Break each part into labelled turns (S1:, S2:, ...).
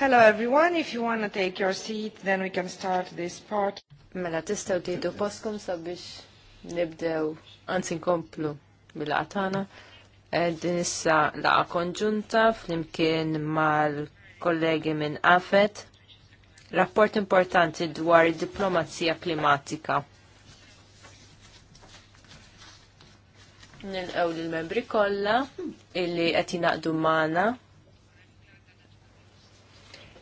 S1: Hello everyone, if you want to take your seat, then we can start this part. Mela tistaw tgħidu poskom sabiex nibdew anzi nkomplu bil għatana eh, Din issa laqa konġunta flimkien mal-kollegi minn AFET. Rapport importanti dwar diplomazija klimatika. Nil-għaw lill membri kollha illi qed jingħaqdu magħna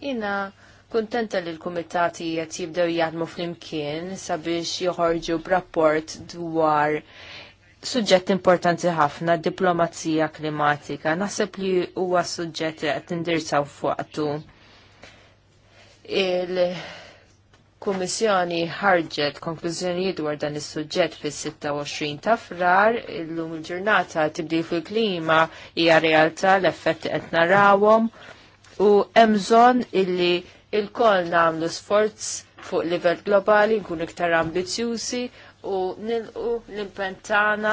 S1: Jina kontenta li l-komitati jett jibdew jadmu fl-imkien sabiex joħorġu b'rapport dwar suġġett importanti ħafna, diplomazija klimatika. Naħseb li huwa suġġett li qed indirsaw fuqtu. Il-Kummissjoni ħarġet konklużjonijiet dwar dan is-suġġett fis-26 ta' frar, illum il-ġurnata tibdil fil-klima hija realtà l-effetti qed narawhom u emżon illi il-koll namlu sforz fuq livell globali, nkun iktar ambizjużi u nilqu l-impentana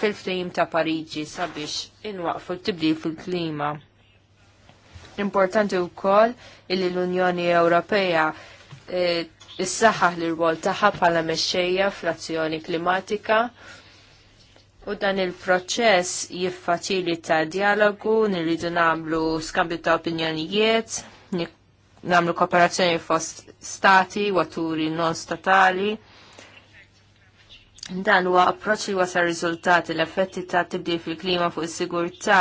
S1: fil-flim ta' Pariġi sabiex inwaqfu t-tibdil fil-klima. Importanti u kol illi l-Unjoni Ewropea e, eh, is saħħa l-rwol tagħha bħala mexxejja fl-azzjoni klimatika u dan il-proċess jiffaċilita dialogu, nirridu nagħmlu skambju ta' opinjonijiet, nagħmlu kooperazzjoni fost stati, waturi non statali. Dan huwa approċċ li wasa riżultati l-effetti ta' tibdil fil-klima fuq is-sigurtà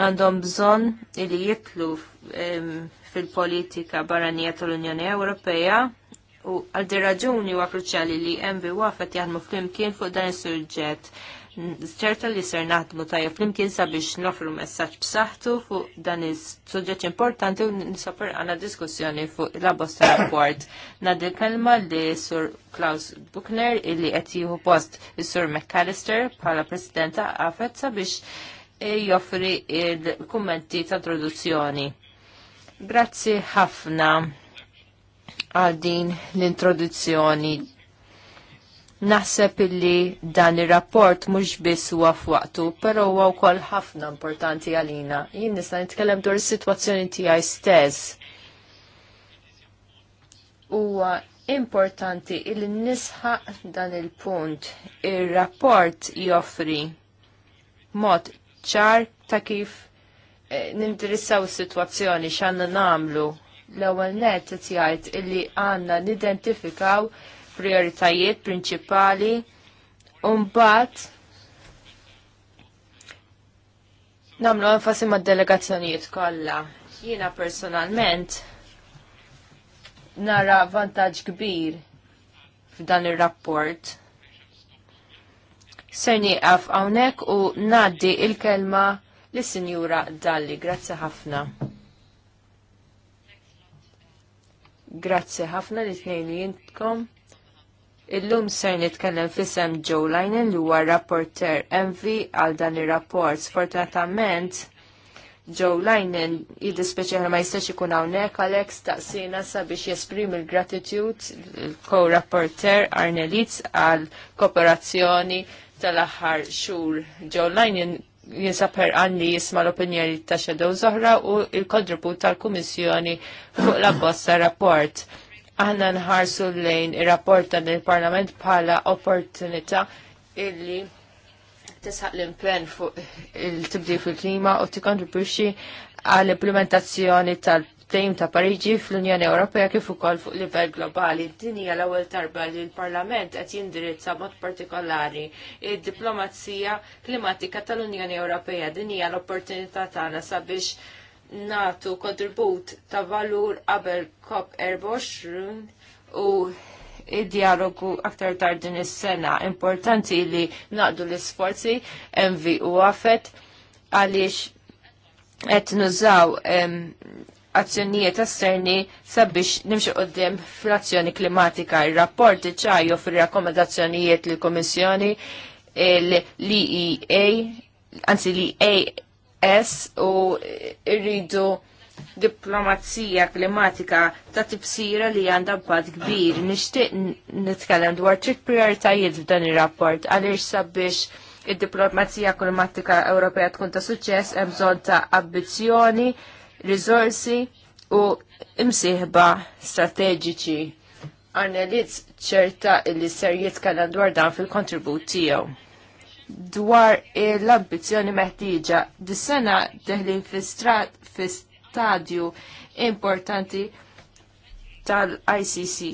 S1: għandhom bżonn li jitlu ehm, fil-politika barranija tal-Unjoni Ewropea U għal raġuni huwa kruċjali li MV wafet jaħdmu flimkien fuq dan is-suġġett. Ċerta li ser naħdmu tajja flimkien sabiex nofru messaġġ b'saħħtu fuq dan is-suġġett importanti u nisaper għana diskussjoni fuq l-abosta rapport. Nadil kelma li sur Klaus Buchner illi qed jieħu post is-sur McAllister bħala presidenta għafet sabiex e, joffri il-kummenti ta' traduzzjoni. Grazzi ħafna għal din l-introduzzjoni. Naħseb illi dan ir-rapport mhux biss huwa f'waqtu, però huwa wkoll ħafna importanti għalina. Jien nista' nitkellem dwar is-sitwazzjoni tiegħi stess. Huwa importanti il nisħaq dan il-punt. Ir-rapport joffri mod ċar ta' kif eh, nindirissaw is-sitwazzjoni x'għandna nagħmlu L-ewwel net qed jgħid illi għandna nidentifikaw prioritajiet prinċipali u mbagħad nagħmlu enfasi mad-delegazzjonijiet kollha. Jiena personalment nara vantaġġ kbir f'dan ir-rapport. Ser nieqaf hawnhekk u ngħaddi il-kelma lis-Sinjura Dalli. Grazzi ħafna. Grazzi ħafna li tnejn jintkom. Illum ser nitkellem fisem Joe Linen li huwa rapporter MV għal dan ir-rapport. Sfortunatament Joe Linen jiddispeċi ma jistax ikun hawnhekk Alex staqsina sabiex jesprimi l-gratitude il-co-rapporter Arnelitz għal kooperazzjoni tal-aħħar xhur. Joe Linen jinsabħer għanni jisma l-opinjoni ta' Shadow Zohra u il-kontribut tal-Kummissjoni fuq la bossa rapport. Aħna nħarsu lejn ir-rapport ta il-Parlament bħala opportunità illi tisħaq l-impen fuq il tibdi fil-klima u tikkontribwixxi għall-implementazzjoni tal ftehim ta' Pariġi fl-Unjoni Ewropea kif ukoll fuq livell globali. Din hija l-ewwel darba li l-Parlament qed jindirizza mod partikolari id-diplomazija klimatika tal-Unjoni Ewropea. Din hija l-opportunità tagħna sabiex natu kontribut ta' valur qabel COP24 u id-dialogu aktar tard din is-sena. Importanti li naqdu l-isforzi MV u għafet għaliex qed nużaw azzjonijiet esterni sabiex nimxu għoddim fl-azzjoni klimatika. Il-rapport ċajju fil-rakkomandazzjonijiet e l komissjoni e l-EEA, anzi l-EAS u rridu diplomazija klimatika ta' tibsira li għandha bad kbir. Nixtieq nitkellem dwar trid prioritajiet f'dan ir-rapport għaliex sabiex id-diplomazija klimatika Ewropea tkun ta' suċċess hemm bżonn ta' ambizzjoni risorsi u imsieħba strateġiċi. Arnelitz ċerta illi ser jitkallan dwar dan fil-kontribut tiegħu. Dwar l-ambizzjoni meħtieġa, dis-sena deħlin fi stadju importanti tal-ICC.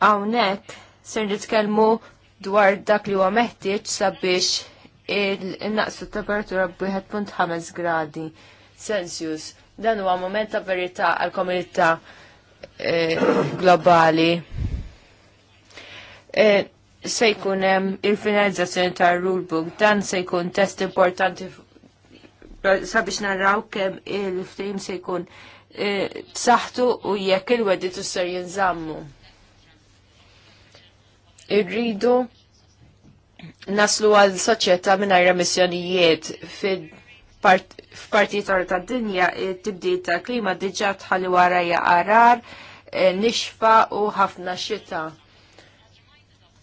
S1: Hawnhekk ser nitkellmu dwar dak li huwa meħtieġ sabiex il-naqsu temperatura b'1.5 gradi Celsius. Dan huwa moment ta' verità għal komunità eh, globali. Eh, se jkun hemm il-finalizzazzjoni tar-rulebook, dan se jkun test importanti sabiex naraw kemm il-ftehim se jkun eh, b'saħħtu u jekk il-wedi tisser jinżammu. Irridu naslu għal soċjetà mingħajr f f'partijiet oħra ta' dinja tibdi ta' tal-klima diġà tħalli wara jaqarar, eh, nixfa u ħafna xita.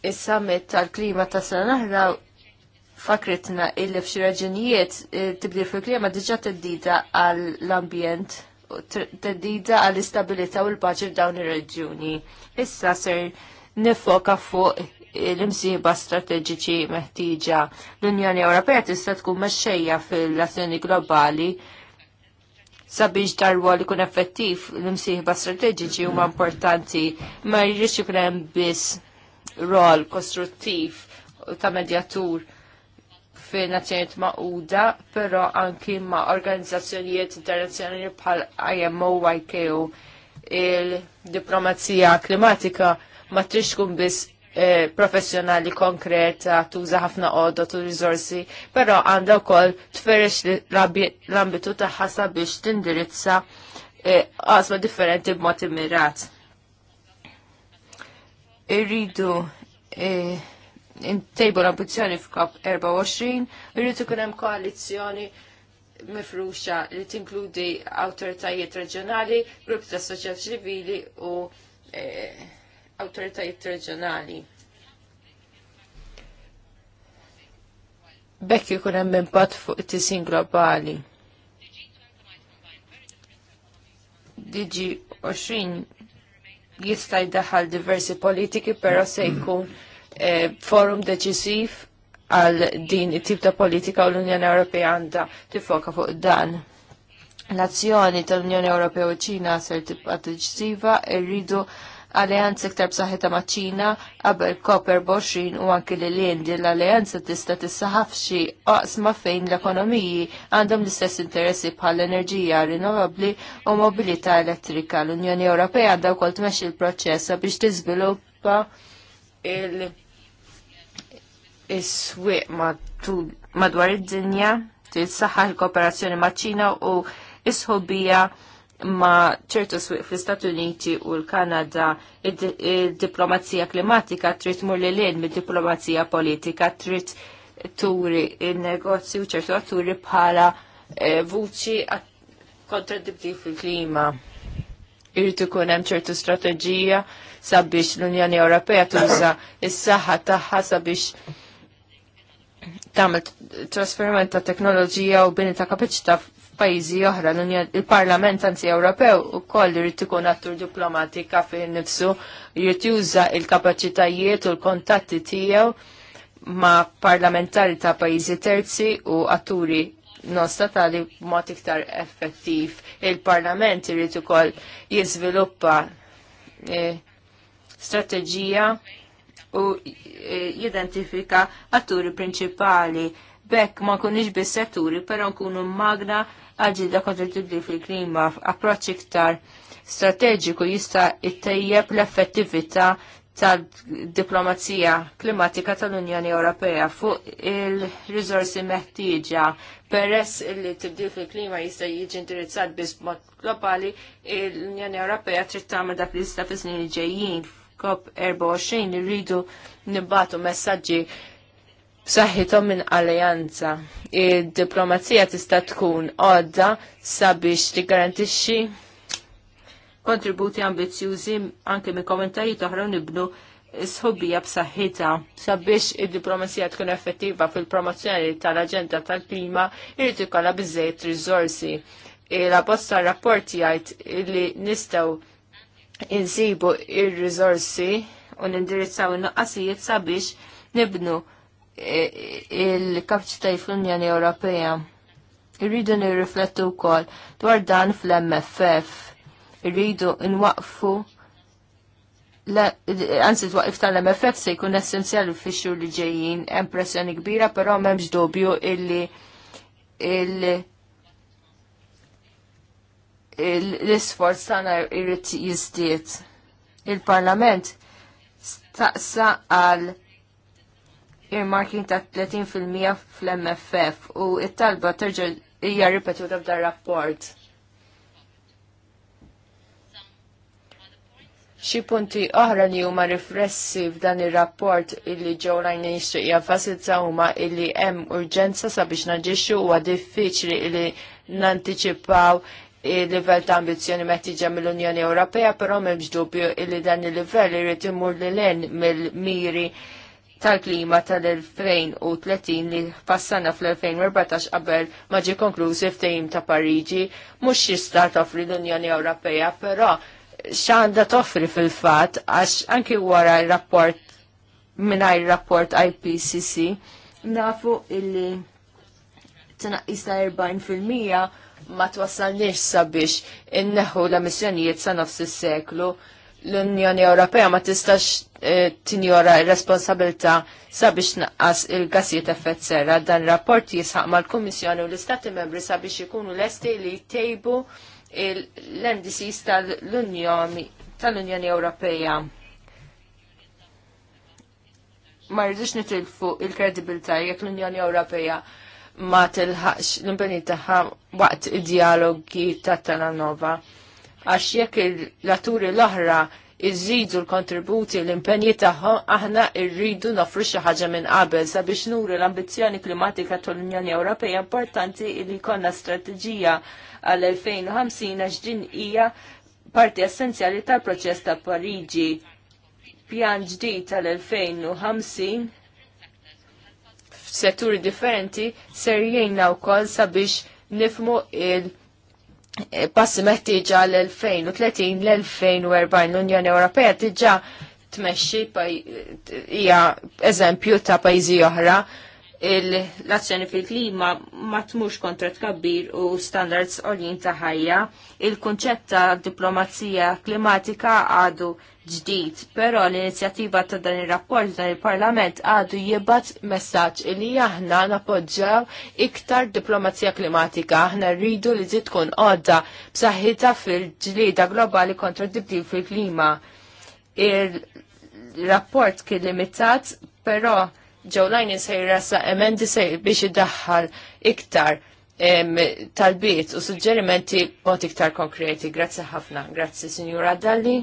S1: Is-summit tal-klima ta' sena fakritna illi f'xi raġunijiet eh, tibdi fil-klima diġà teddida għall-ambjent teddida għall-istabilità u l-paċi f'dawn ir-reġjuni. Issa ser nifoka fuq l-imsieba strateġiċi meħtieġa. L-Unjoni Ewropea tista' tkun mexxejja fil-azzjoni globali sabiex darwa li kun effettiv l imsiba strateġiċi huma importanti ma jridx ikun hemm biss rol kostruttiv ta' medjatur fin nazzjonijiet maquda, però anki ma' organizzazzjonijiet internazzjonali bħal IMO IKO il-diplomazija klimatika ma trix tkun biss Eh, professjonali konkret, tuża ħafna qodot u rizorsi, però għandha wkoll tferex l-ambitu tagħha sabiex tindirizza eh, qasma differenti b'mod immirat. Irridu eh, intejbu l-ambizjoni f'kop 24, irridu kunem hemm koalizzjoni mifruxa li tinkludi awtoritajiet reġjonali, gruppi ta' soċjal ċivili u eh, awtoritajiet reġjonali. Bekk ikun hemm impatt fuq it-tisin globali. DG 20 jista' jdaħħal diversi politiki però se jkun eh, forum deċisiv għal din it-tip ta' politika u l-Unjoni Ewropea għandha tifoka fuq dan. L-azzjoni tal-Unjoni Ewropea u ċina ser tibqa' deċisiva rridu alleanza iktar b'saħħitha maċ-Ċina qabel Koper 20 u anki lil indi l-alleanza tista' tissaħaf xi oqsma fejn l-ekonomiji għandhom l-istess interessi bħal enerġija rinnovabbli u mobilità elettrika. L-Unjoni Ewropea għandha wkoll tmexxi l-proċess biex tiżviluppa il- is-swieq madwar id-dinja, tissaħħa l-kooperazzjoni maċ-Ċina u is-ħobija ma ċertu swieq fl-Istati Uniti u l-Kanada id-diplomazija klimatika trid mur li lejn mid-diplomazija politika trid turi il-negozju ċertu atturi bħala eh, vuċi kontradikti fil-klima. Irritu kun hemm ċertu strateġija sabiex l-Unjoni Ewropea tuża s saħħa tagħha sabiex tagħmel trasferiment ta' teknoloġija u bini ta' kapaċità pajizi oħra, il-Parlament anzi Ewropew u koll irrid ikun attur diplomatika fi nifsu, irrid juża il-kapaċitajiet u l-kontatti tiegħu ma' parlamentari ta' pajizi terzi u atturi non statali b'mod iktar effettiv. Il-Parlament irrid ukoll jiżviluppa eh, strateġija u e, jidentifika atturi prinċipali Bekk ma kunix bis setturi, pero nkunu magna għadġi da kontra tibdil fil-klima approċ iktar strateġiku jista' ittejjeb l-effettività tad-diplomazija klimatika tal-Unjoni Ewropea fuq il-rizorsi meħtieġa peress li tibdil fil-klima jista' jiġi indirizzat biss mod globali, l-Unjoni Ewropea trid tagħmel dak li jista' fis-snin ġejjin COP24 irridu nibbatu messaġġi Saħħithom minn alleanza. Id-diplomazija tista' tkun għodda sabiex tigarantixxi kontributi ambizjużi anke minn komentarijiet oħra nibnu sħobija b'saħħitha sabiex id-diplomazija tkun effettiva fil-promozzjoni tal-aġenda tal-klima irid ikollha biżejjed riżorsi. E, la bosta rapport jgħid li nistgħu insibu ir-riżorsi u nindirizzaw in-nuqqasijiet sabiex nibnu il-kapċitaj fl-Unjoni Ewropea. Irridu nirriflettu wkoll dwar dan fl-MFF. Irridu nwaqfu Anzi, twaqif tal-MFF se jkun essenzjali fi xhur li ġejjin, hemm pressjoni kbira, però m'hemmx dubju illi l-isforz tagħna jrid jiżdied. Il-Parlament staqsa għal il-marking ta' 30% fl-MFF u it-talba terġa' hija ripetuta f'dar rapport. Xi punti oħra li huma riflessi f'dan ir-rapport illi ġew lajn nixtieq jenfasizza huma illi hemm urġenza sabiex naġixxu huwa diffiċli illi nantiċipaw il-livell ta' ambizjoni meħtieġa mill-Unjoni Ewropea, però m'hemmx dubju illi dan il-livell irid imur lil mill-miri mill mill miri tal-klima tal-2030 li passana fl-2014 qabel ma ġie konklużi f'tejim ta' Pariġi mhux jista' toffri l-Unjoni Ewropea, però x'għandha toffri fil-fatt għax anki wara r-rapport mingħajr rapport IPCC nafu illi tnaqqis ta' 40% ma twassalniex sabiex inneħu l-emissjonijiet sa' nofs is-seklu l-Unjoni Ewropea ma tistax eh, tinjora r-responsabilta sabiex naqqas il-gassijiet effett serra. Dan rapport jisħaq mal-Kummissjoni u l-Istati membri sabiex ikunu lesti li jtejbu l-NDCs tal-Unjoni Ewropea. Ma rridux nitilfu il-kredibilità jekk l-Unjoni Ewropea ma tilħax l-impenni tagħha waqt id-dialogi ta' Talanova. Ta għax jekk il-laturi l-oħra iżidu l-kontributi l-impenji tagħhom aħna rridu nofru xi ħaġa minn qabel sabiex nuru l-ambizzjoni klimatika tal-Unjoni Ewropea importanti li jkollna strateġija għal 2050 għax din hija parti essenzjali tal-proċess ta' Pariġi. Pjan ġdid tal-2050 f'setturi differenti ser jgħinna wkoll sabiex nifmu il- passi ġa l-2030 l-2040 l-Unjoni Ewropea tiġa tmexxi hija eżempju ta' pajjiżi oħra l-azzjoni fil-klima ma tmux kontra tkabbir u standards oljin ta' ħajja. Il-kunċett ta' diplomazija klimatika għadu ġdid, però l-inizjattiva ta' dan il-rapport dan il-parlament għadu jibat messaġġ li aħna napoġġaw iktar diplomazija klimatika. Aħna rridu li ġid tkun għodda b'saħħitha fil-ġlieda globali kontra dibdil fil-klima. Il-rapport kien limitat, pero Joe Linen sa' emendi sej biex iddaħħal iktar talbiet u suġġerimenti mod iktar konkreti. Grazzi ħafna. Grazzi, Signora Dalli.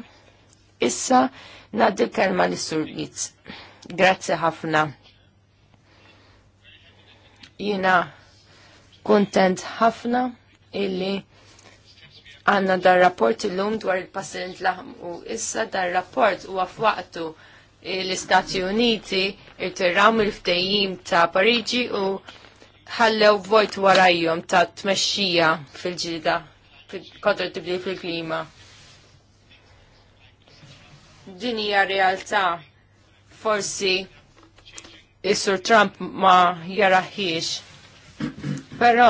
S1: Issa, naddi kelma li sur Yitz. Grazzi ħafna. Jina kontent ħafna illi għanna dar rapport il-lum dwar il-passerint laħm u issa dar rapport u għafwaqtu l-Istati Uniti irtiraw mill-ftejjim ta' Pariġi u ħallew vojt warajjom ta' tmexxija fil-ġida kontra tibdil fil-klima. Din hija realtà forsi is-Sur Trump ma jaraħiex. Però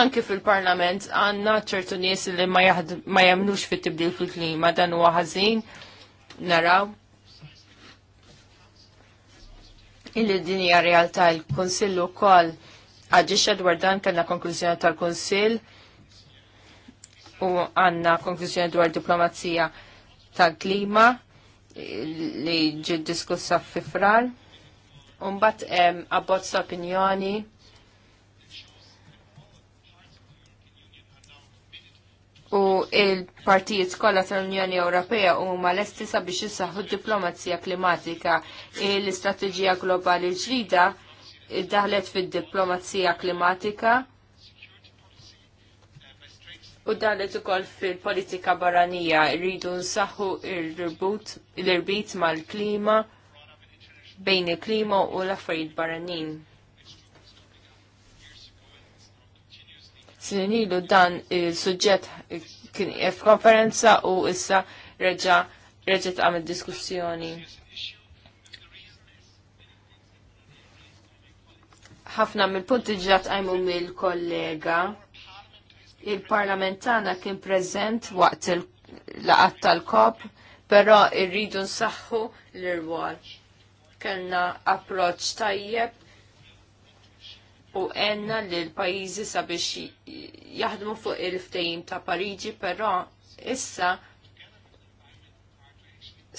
S1: anke fil-Parlament għandna ċertu nies li ma, ma jemnux fit tibdil fil-klima dan huwa ħażin naraw illi din hija realtà il-Kunsill ukoll għaġixxa dwar dan kellna konklużjoni tal-Kunsill u għandna konklużjoni dwar diplomazija tal-klima li ġid diskussa fifrar frar. Umbat abbozz opinjoni u il-partijiet kollha tal-Unjoni Ewropea huma lesti sabiex jissaħħu d-diplomazija klimatika. L-istrateġija globali ġdida daħlet fid-diplomazija klimatika u daħlet ukoll fil-politika barranija rridu nsaħħu l-irbit mal-klima bejn il-klima u l-affarijiet barranin. snin dan il sujġet kien konferenza u issa reġa' reġet għamil diskussjoni. ħafna mill-punti ġat għajmu mill-kollega. Il-parlamentana kien prezent waqt il-laqat tal-kop, pero irridu nsaħħu l-irwal. Kellna approċ tajjeb u għenna li l-pajizi sabiex jaħdmu fuq il-ftejim ta' Pariġi, però issa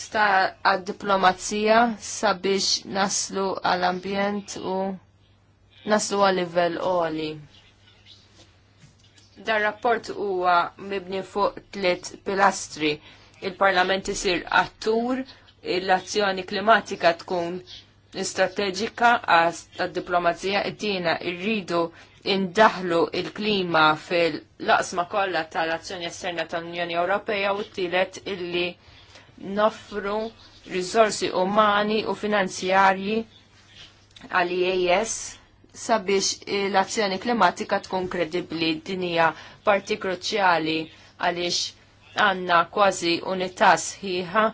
S1: sta għad-diplomazija sabiex naslu għall-ambjent u naslu għal-livell għoli. Dar rapport huwa mibni fuq tliet pilastri. Il-Parlament isir attur, l-azzjoni klimatika tkun strategika għad-diplomazija id-dina irridu indaħlu il-klima fil-laqsma kollha tal-azzjoni esterna tal-Unjoni Ewropea u t-tielet illi nofru risorsi umani u finanzjarji għal IAS e sabiex l-azzjoni klimatika tkun kredibbli dinija parti kruċjali għaliex għanna kważi unità sħiħa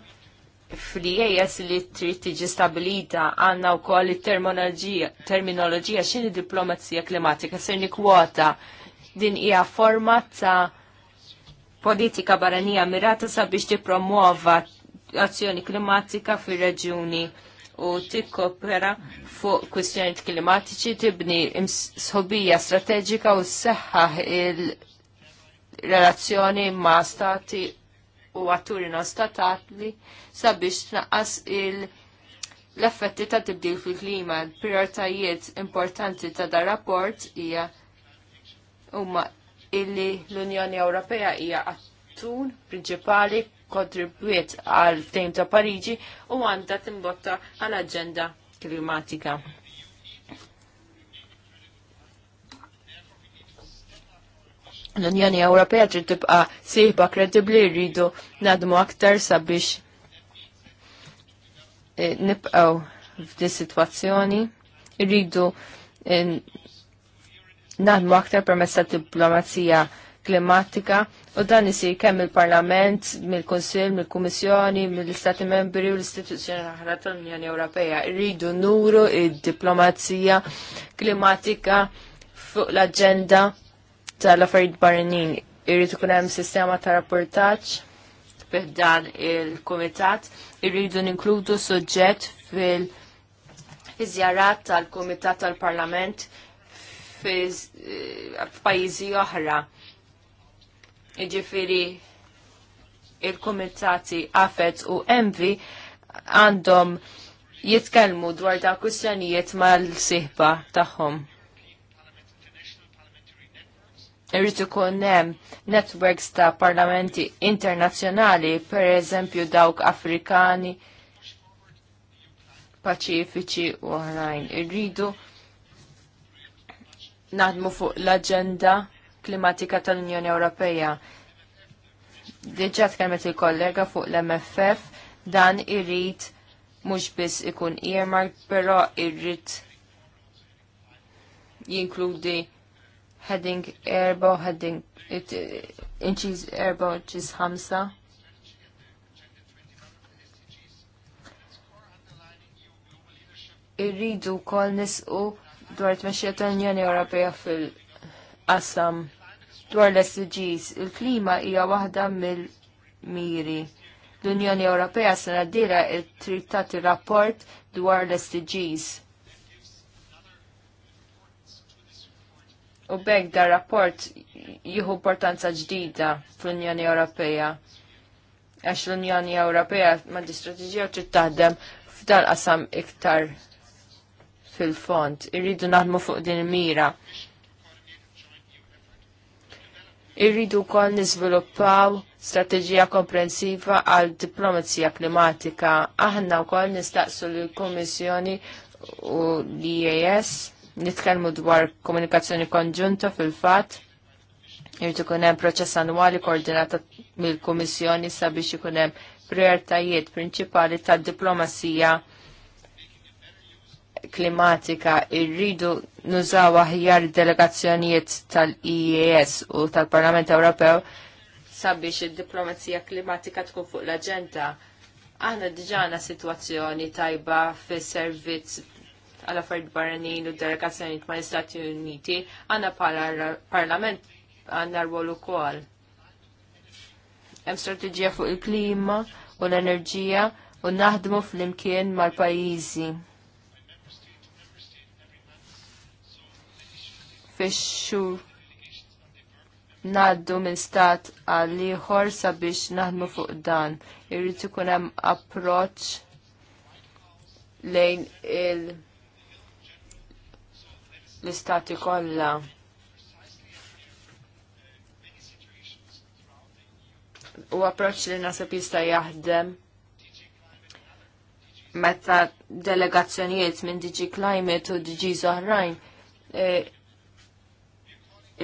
S1: fl-IAS li trid tiġi stabilita għandna wkoll it-terminoloġija x'inhi diplomazija klimatika ser kwota din hija forma ta' politika barranija mirata sabiex tippromuova azzjoni klimatika fir-reġjuni u tikkopera fuq kwistjonijiet klimatiċi tibni sħobija strateġika u sseħħaħ il-relazzjoni ma' stati u atturi non statali sabiex tnaqqas il- l-effetti ta' tibdil fil-klima. Prioritajiet importanti ta' da' rapport hija umma illi l-Unjoni Ewropea hija attun prinċipali kontribwiet għal ftehim ta' Pariġi u għandha timbotta għal aġenda klimatika. L-Unjoni Ewropea trid tibqa' sieħba kredibbli rridu nadmu aktar sabiex Eh, nibqaw f'di situazzjoni, irridu eh, naħdmu aktar permezz ta' diplomazija klimatika u dan isir kemm il-Parlament, mill-Konsil, mill-Kummissjoni, mill-Istati Membri u l-istituzzjoni aħra tal-Unjoni Ewropea. Irridu nuru id-diplomazija klimatika fuq l-agenda tal-affarijiet barranin. Irridu ikun hemm sistema ta' rapportaġġ b'dan il-Kumitat irridu ninkludu suġġett fil- żjarat tal-Kumitat tal-Parlament eh, f'pajjiżi oħra. Iġifieri il-Kumitati Afet u Envi għandhom jitkellmu dwar ta' kwistjonijiet mal-sihba tagħhom irrid ikun hemm networks ta' parlamenti internazzjonali, per eżempju dawk Afrikani, Paċifiċi u oħrajn. Irridu naħdmu fuq l-aġenda klimatika tal-Unjoni Ewropea. Diġà tkellmet il-kollega fuq l-MFF dan irrit mhux biss ikun earmark, però irrid jinkludi heading erba, heading inċiż erba, inċiż ħamsa. Irridu kol nisqu dwar t-mexxija tal-Unjoni Ewropea fil-qasam dwar l-SDGs. Il-klima hija waħda mill-miri. L-Unjoni Ewropea sena d-dira il-trittat il-rapport dwar l-SDGs U bekk dar rapport jieħu importanza ġdida fl-Unjoni Ewropea. Għax l-Unjoni Ewropea ma di strategija trid taħdem f'dan qasam iktar fil-fond. Irridu naħdmu fuq din il-mira. Irridu kol nizviluppaw strategija komprensiva għal diplomazija klimatika. Aħna kol nistaqsu l-Komissjoni u l-IAS nitkellmu dwar komunikazzjoni konġunta fil-fatt jirtu ikun hemm proċess annwali koordinata mill-Kummissjoni sabiex ikun hemm prioritajiet prinċipali tad-diplomasija klimatika irridu nużaw aħjar delegazzjonijiet tal-IES u tal-Parlament Ewropew sabiex id-diplomazija klimatika tkun fuq l agenda Aħna diġana situazzjoni tajba fis servizz għal affarijiet barranin u ma' mal istati Uniti għandna parlament għandna rwol ukoll. Hemm strateġija fuq il-klima u l-enerġija u naħdmu fl-imkien mal-pajjiżi. Fix-xhur naddu minn stat għal ieħor sabiex naħdmu fuq dan. Irrid ikun hemm approċċ lejn il- l-istati kolla. u approċ li nasib jista' jaħdem meta delegazzjonijiet minn DG Climate u DG Zoħrajn e,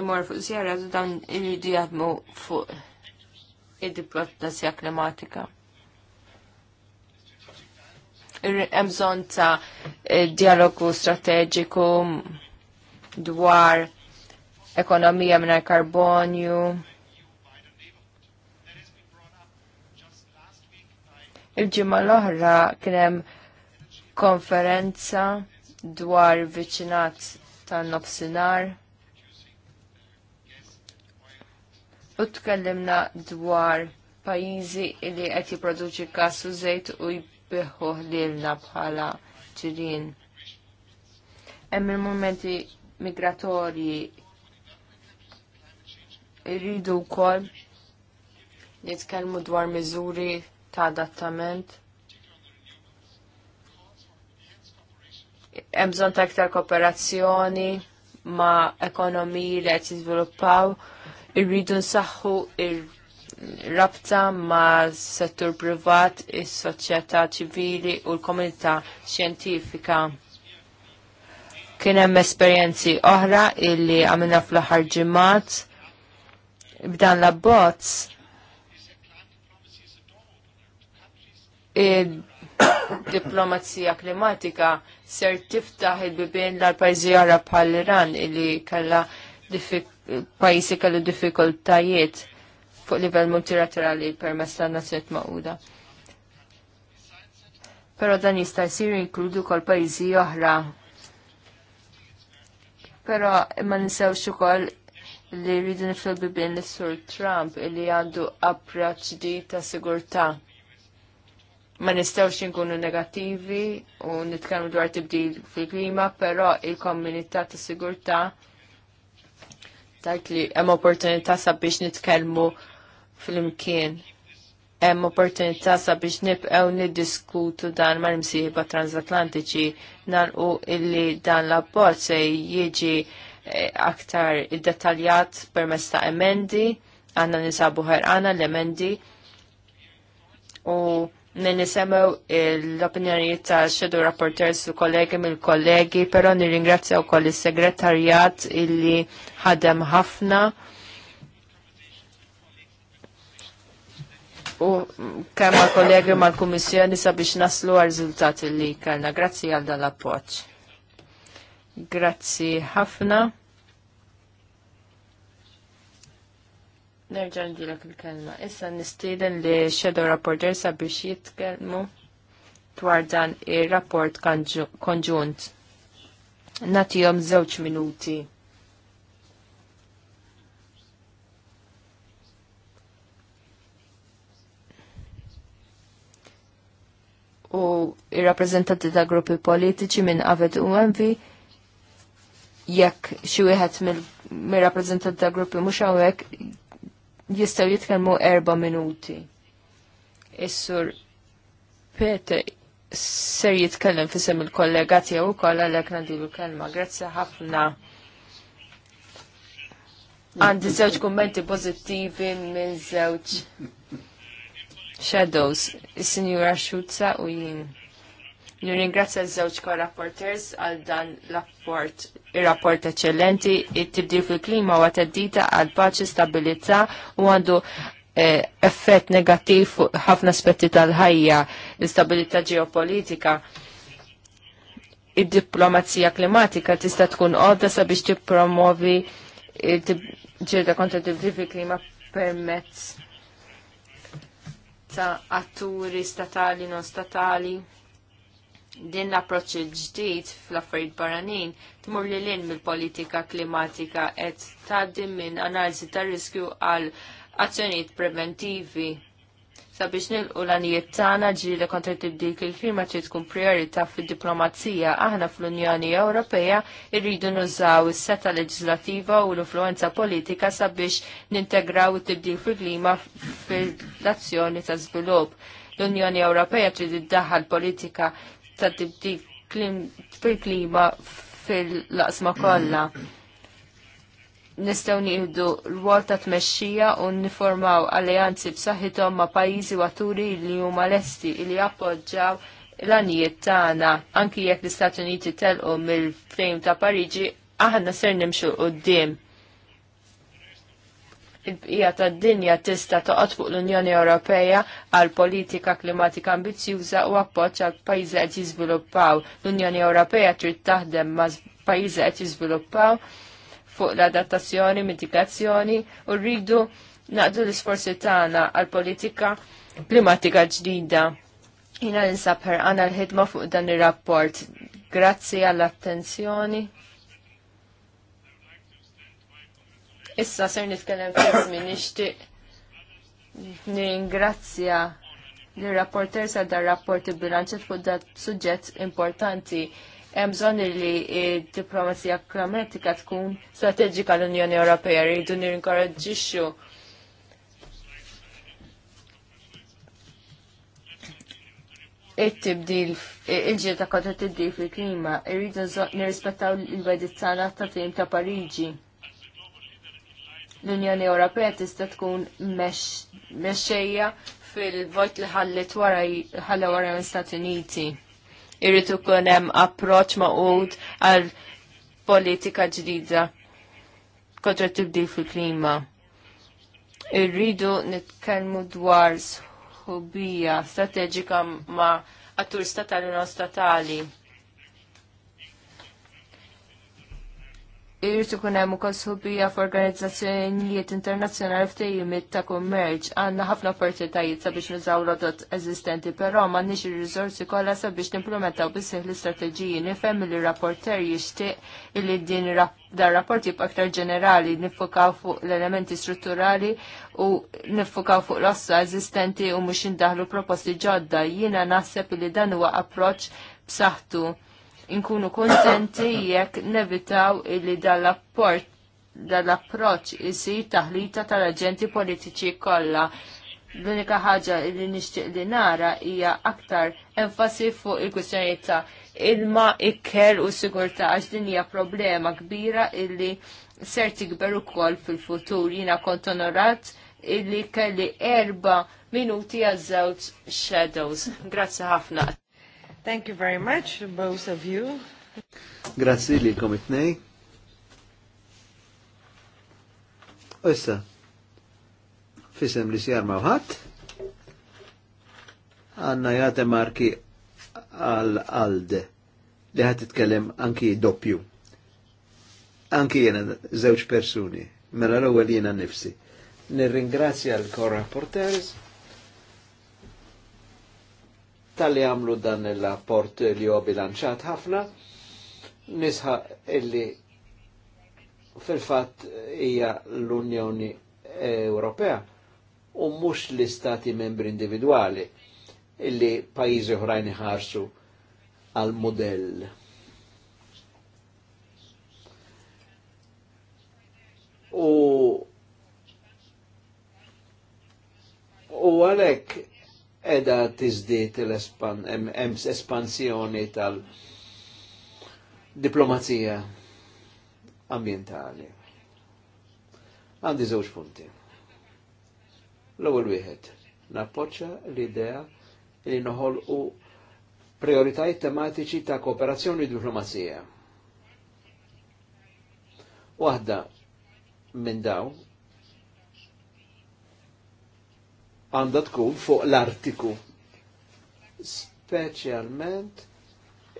S1: imor fuq zjara u dawn irridu jaħdmu fuq id-diplomazija klimatika. Hemm bżonn ta' e, dialogu strateġiku dwar ekonomija minar karbonju. Il-ġimma l-oħra kienem konferenza dwar viċinat tan nofsinar u tkellimna dwar pajizi li qed jipproduċi gas u żejt u jbiħħuh lilna bħala ġirien. Hemm il-mumenti migratorji irridu wkoll nitkellmu dwar miżuri ta' adattament. Hemm bżonn ta' iktar kooperazzjoni ma' ekonomiji li qed jiżviluppaw, irridu nsaħħu ir-rabta ma' settur privat, is-soċjetà ċivili u l-komunità xjentifika Kien hemm esperjenzi oħra illi għamilna fl-aħħar ġimgħat b'dan l-abbozz. Diplomazija klimatika ser tiftaħ il-bibien l-pajzi oħra bħal iran illi kalla pajjiżi kellu diffikultajiet fuq livell multilaterali permess tan-Nazzjonijiet Magħquda. Però dan jista' jsir inkludu kol pajjiżi oħra Pero ma ninsewx ukoll li rridu nifil bibin li sur Trump li għandu approċ di ta' sigurtà. Ma nistgħux inkunu negattivi u nitkellmu dwar tibdil fil-klima, però il-komunità ta' sigurtà tajt li hemm opportunità sabiex nitkellmu fil-imkien hemm opportunità sabiex nibqgħu niddiskutu dan mal-msieba transatlantiċi nalqu illi dan l-abbozz se jiġi eh, aktar id-detaljat permezz ta' emendi, għandna nisabu ħerqana l-emendi u ninisemew l-opinjonijiet ta' xedu rapporters u kollegi mill-kollegi, però nirringrazzja wkoll is-segretarjat illi ħadem ħafna u kemm mal-kollegi mal-Kummissjoni sabiex naslu għal riżultati li kellna. Grazzi għal dan l-appoġġ. Grazzi ħafna. Nerġa' ndilek il-kelma. Issa nistieden li Shadow Rapporter sabiex jitkellmu dwar dan ir-rapport konġunt. Nagħtihom żewġ minuti. u ir-rappreżentanti ta' gruppi politiċi minn Avet u Envi jekk xi wieħed mir-rappreżentanti ta' gruppi mhux hawnhekk jistgħu jitkellmu erba' minuti. Is-sur Peter ser jitkellem fissem il-kollega tiegħu wkoll għalhekk nadilu kelma. Grazie ħafna. Għandi żewġ kummenti pożittivi minn żewġ Shadows, il-Sinjura Xuzza u jien. Nirringrazzja żewġ ko-rapporters għal dan l-apport, il-rapport eccellenti, it-tibdil fil-klima u għateddita għal paċi stabilità u għandu eh, effett negattiv fuq ħafna aspetti tal-ħajja, l-istabilità ġeopolitika id-diplomazija klimatika tista' tkun għodda sabiex tippromovi ġilda kontra tibdil fil-klima permezz ta' atturi statali non statali. Din l-approċċ ġdid fl-affarijiet barranin tmur li lin mill-politika klimatika qed tgħaddi minn analiżi tar-riskju għal azzjonijiet preventivi Sabiex nilqu l-għanijiet tagħna ġili kontra tibdil il-klima trid tkun priorità fid-diplomazija aħna fl-Unjoni Ewropea irridu nużaw is-seta leġislattiva u l-influenza politika sabiex nintegraw it-tibdil fil-klima fil-azzjoni ta' żvilupp. L-Unjoni Ewropea trid iddaħħal politika ta' tibdil fil-klima fil-laqsma kollha nistgħu nieħdu rwol ta' tmexxija u niformaw alleanzi b'saħħithom ma' pajjiżi waturi li huma lesti li appoġġjaw l għanijiet tagħna anki jekk l-Istati Uniti telqu mill-frejm ta' Pariġi aħna ser nimxu qudiem il-bqija tad-dinja tista toqgħod fuq l-Unjoni Ewropea għal politika klimatika ambizzjuża u appoġġ għal pajjiżi qed jiżviluppaw. L-Unjoni Ewropea trid taħdem ma' pajjiżi qed jiżviluppaw fuq l-adattazzjoni, mitigazzjoni u rridu naqdu l-isforzi tagħna għal politika klimatika ġdida. Jina ninsab għana l-ħidma fuq dan ir-rapport. Grazzi għall-attenzjoni. Issa ser nitkellem fis min nixtieq ningrazzja l-rapporter sa dar rapport bilanċet fuq dat suġġett importanti hemm bżonn li d-diplomazija klimatika tkun strateġika l-Unjoni Ewropea rridu nirinkoraġġixxu. it-tibdil il-ġiet ta' kontra tibdil fil-klima irridu nirrispettaw il bajdit tagħna ta' tim ta' Pariġi. L-Unjoni Ewropea tista' tkun mexxejja fil-vot li ħallet wara ħalla wara l-Stati Uniti irrid ikun hemm approċċ maqud għal politika ġdida kontra tibdil fil-klima. Irridu nitkellmu dwar sħubija strateġika ma' attur statali u non statali. Irrid ikun hemm ukoll f'organizzazzjonijiet internazzjonali f'tejjimiet ta' kummerċ għandna ħafna opportunitajiet sabiex nużaw rodot eżistenti, però m'għandniex ir rizorsi kollha sabiex nimplementaw bisseħ l-istrateġiji nifhem li rapporter jixtieq li din dar rapport jibqa' aktar ġenerali nifukaw fuq l-elementi strutturali u nifukaw fuq l-ossa eżistenti u mhux indaħlu proposti ġodda. Jiena naħseb li dan huwa approċċ b'saħħtu inkunu kontenti jekk nevitaw illi dal-apport dal-approċ isir taħlita tal-aġenti politiċi kollha. L-unika ħaġa li nixtieq li nara hija aktar enfasi fuq il-kwistjonijiet ta' ilma, ikker u sigurtà għax din hija problema kbira illi ser tikber ukoll fil-futur. Jiena kont onorat illi kelli erba' minuti għaż-żewġ shadows. Grazzi ħafna.
S2: Thank you very much, both of you.
S3: Grazie li kom itnej. issa, fisem li sjar mawħat, għanna jate marki għal-alde li ħat itkellem anki doppju. Anki jena zewċ persuni, mela l-ewel jena nifsi. Nirringrazzja l korra rapporters tal-li għamlu dan il-rapport li huwa bilanċat ħafna, nisħa illi fil-fatt hija l-Unjoni Ewropea u mhux l-istati membri individuali illi pajjiżi oħrajn ħarsu għal modell. U u għalek edha tizdiet l-espansjoni tal-diplomazija ambientali. Għandi żewġ punti. L-ewwel wieħed, nappoċċa l-idea li noħolqu prioritajiet tematiċi ta' kooperazzjoni u diplomazija. Waħda minn dawn. għandha tkun fuq l-artiku. Specialment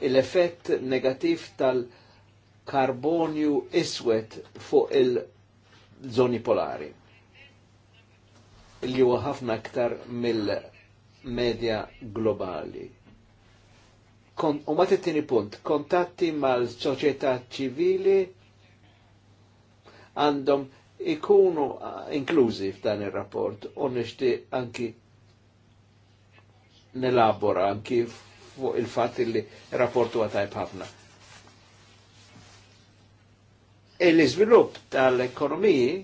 S3: l-effett negativ tal-karbonju iswet fuq il-żoni polari. Li huwa ħafna aktar mill-medja globali. Kon, u ma tittini punt, kontatti mal-soċjetà ċivili għandhom ikunu uh, inklużi f'dan ir-rapport u nixtieq anki nelabora anki fuq il-fatt li rapport huwa tajb ħafna. il iżvilupp tal-ekonomiji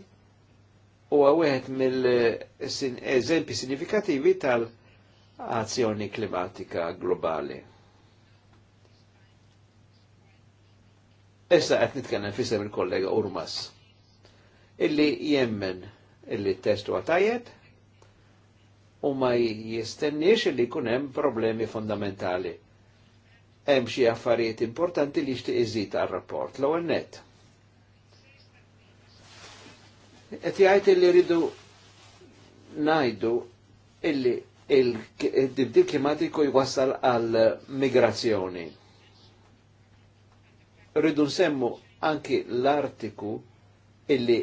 S3: huwa wieħed mill-eżempji sinifikativi tal-azzjoni klimatika globali. Issa qed nitkellem fisem il-kollega Urmas illi jemmen illi testu għatajet u ma jistennix illi kunem problemi fondamentali. Hemm xi affarijiet importanti li jixtieq iżid għal rapport l-ewwel net. Qed jgħid li rridu ngħidu illi il-dibdil klimatiku jwassal għal migrazzjoni. Rridu nsemmu anki l-artiku illi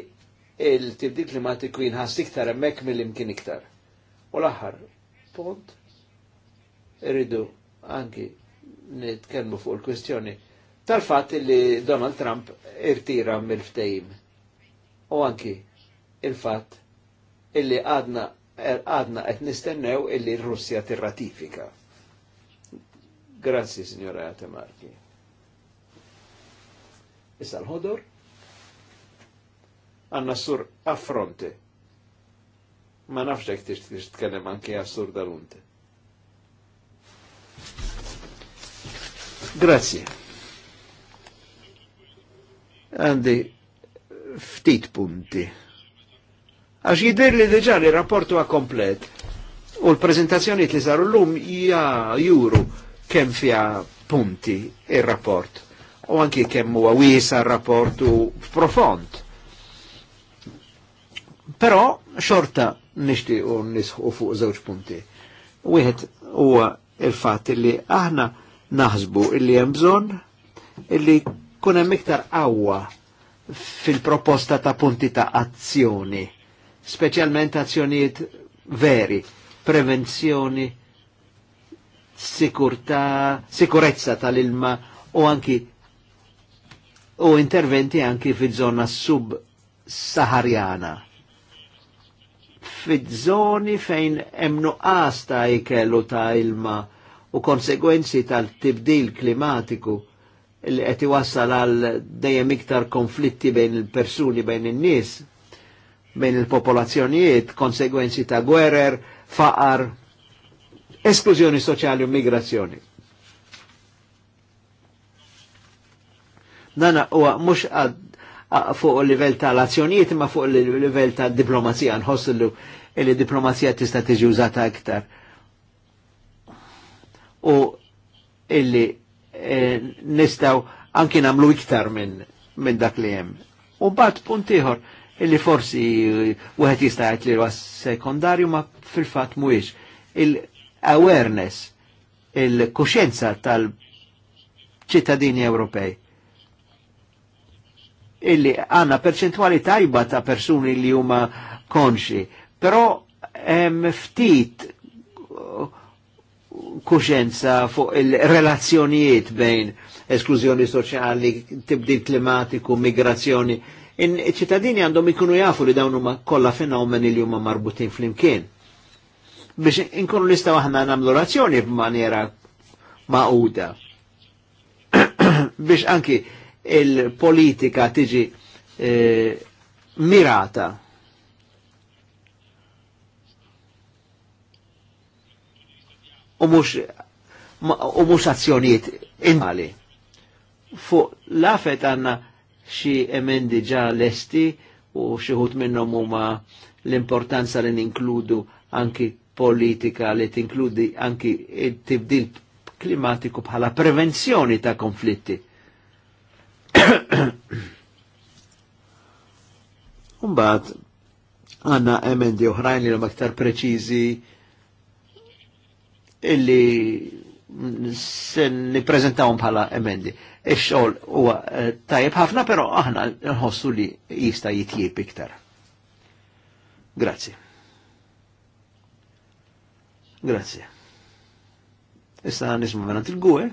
S3: il-tibdil klimatiku jinħas iktar hemmhekk mill-imkien iktar. U l-aħħar punt irridu anki nitkellmu fuq il-kwestjoni tal-fatt li Donald Trump irtira mill-ftehim. U anki il-fatt illi għadna er, għadna qed nistennew illi r-Russja tirratifika. Grazzi, signora Jatemarki. Issa l għanna sur affronte. Ma nafx jek tix tkellem anki għassur dalunte. Grazie. Għandi ftit punti. Għax jidir li deġa li rapportu komplet u l-prezentazzjoni li saru l-lum ja juru kem fija punti il-rapport u anki kem huwa wiesa il rapport u profond Però xorta nishti u nisħu fuq żewġ punti. Wieħed huwa il fat li aħna naħsbu illi hemm bżonn illi kun hemm iktar qawwa fil-proposta ta' punti ta' azzjoni, speċjalment azzjonijiet veri, prevenzjoni, sikurta, sikurezza tal-ilma u anki u interventi anki fil-żona sub-saharjana fit zoni fejn hemm nuqqas ta' ta' ilma u konsegwenzi tal-tibdil klimatiku li qed iwassal għal dejjem iktar konflitti bejn il-persuni bejn in-nies, bejn il-popolazzjonijiet, konsegwenzi ta' gwerer, faqar, esklużjoni soċjali u migrazzjoni. Nana huwa mhux fuq il-livell tal-azzjonijiet imma fuq il-livell ta' diplomazija nħosslu il-diplomazija tista' tiġi użata aktar. U illi e, nistaw anki namlu iktar minn min dak li hemm. U bat punt ieħor illi forsi eh, wieħed jista' jgħid li huwa sekondarju ma fil-fatt mhuwiex. Il-awareness, il-kuxjenza tal-ċittadini Ewropej illi għanna perċentuali tajba ta' persuni li huma konxi, però hemm ftit kuxenza fuq il-relazzjonijiet bejn esklużjoni soċjali, tibdil klimatiku, migrazzjoni. In-ċittadini għandhom ikunu jafu li dawn huma kollha fenomeni li huma marbutin flimkien. Biex inkunu nistgħu aħna nagħmlu razzjoni b'maniera maquda. Biex anki il-politika tiġi eh, mirata. U mux, azzjoniet inmali. Fuq lafet għanna xie emendi ġa lesti u xieħut minnom huma l-importanza li ninkludu anki politika li tinkludi anki il-tibdil klimatiku bħala prevenzjoni ta' konflitti Umbat, għanna emendi uħrajn li l maktar aktar preċizi illi sen niprezentawum bħala emendi. Ix-xogħol huwa eh, tajjeb ħafna, però aħna nħossu li jista' jitjieb iktar. Grazzi. Grazzi. Issa nisma' menant il-gwe.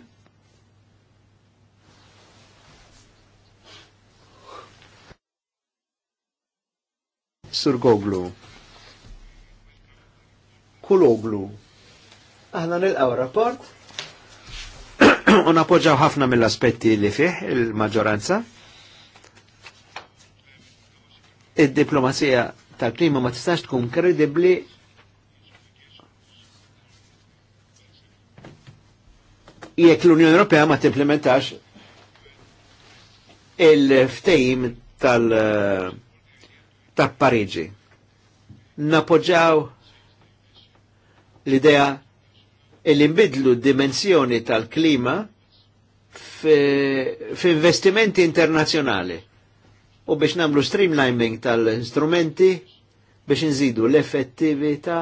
S3: Sur Goglu. Kuloglu. Aħna nilqaw rapport. U napoġġaw ħafna mill-aspetti li fih il-maġġoranza. Id-diplomazija tal-klima ma tistax tkun kredibbli jekk l-Unjoni Ewropea ma timplementax il-ftejim tal- uh, ta' Pariġi. Napoġaw l-idea li nbidlu dimensjoni tal-klima f'investimenti internazzjonali u biex namlu streamlining tal-instrumenti biex nżidu l-effettività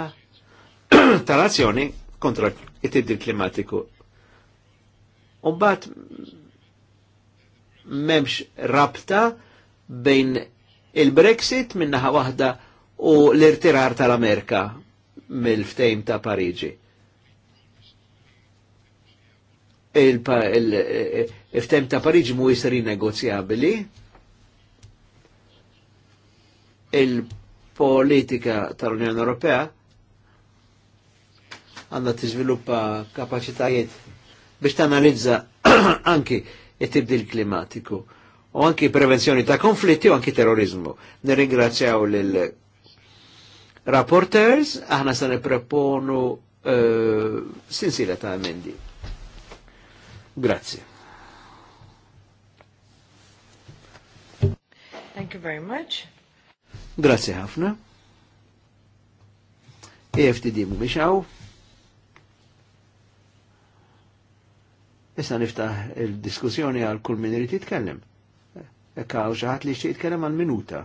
S3: tal-azzjoni kontra it-tibdil klimatiku. Umbat memx rabta bejn il-Brexit minnaħa waħda u l-irtirar tal-Amerika mill-ftejm ta' Pariġi. Il-ftejm ta' Pariġi mu jisri negozjabili. Il-politika tal-Unjoni Ewropea għandha tiżviluppa kapaċitajiet biex tanalizza anki it-tibdil klimatiku u anki prevenzjoni ta' konflitti u anki terrorizmu. Nirringrazzjaw lil rapporters, aħna se preponu uh, eh, sinsila ta' emendi. Grazie.
S2: Thank you very much.
S3: Grazie ħafna. EFTD mu biexaw. Issa niftaħ il-diskussjoni għal kull min irid jitkellem kaw xaħat li xtiq kena man minuta.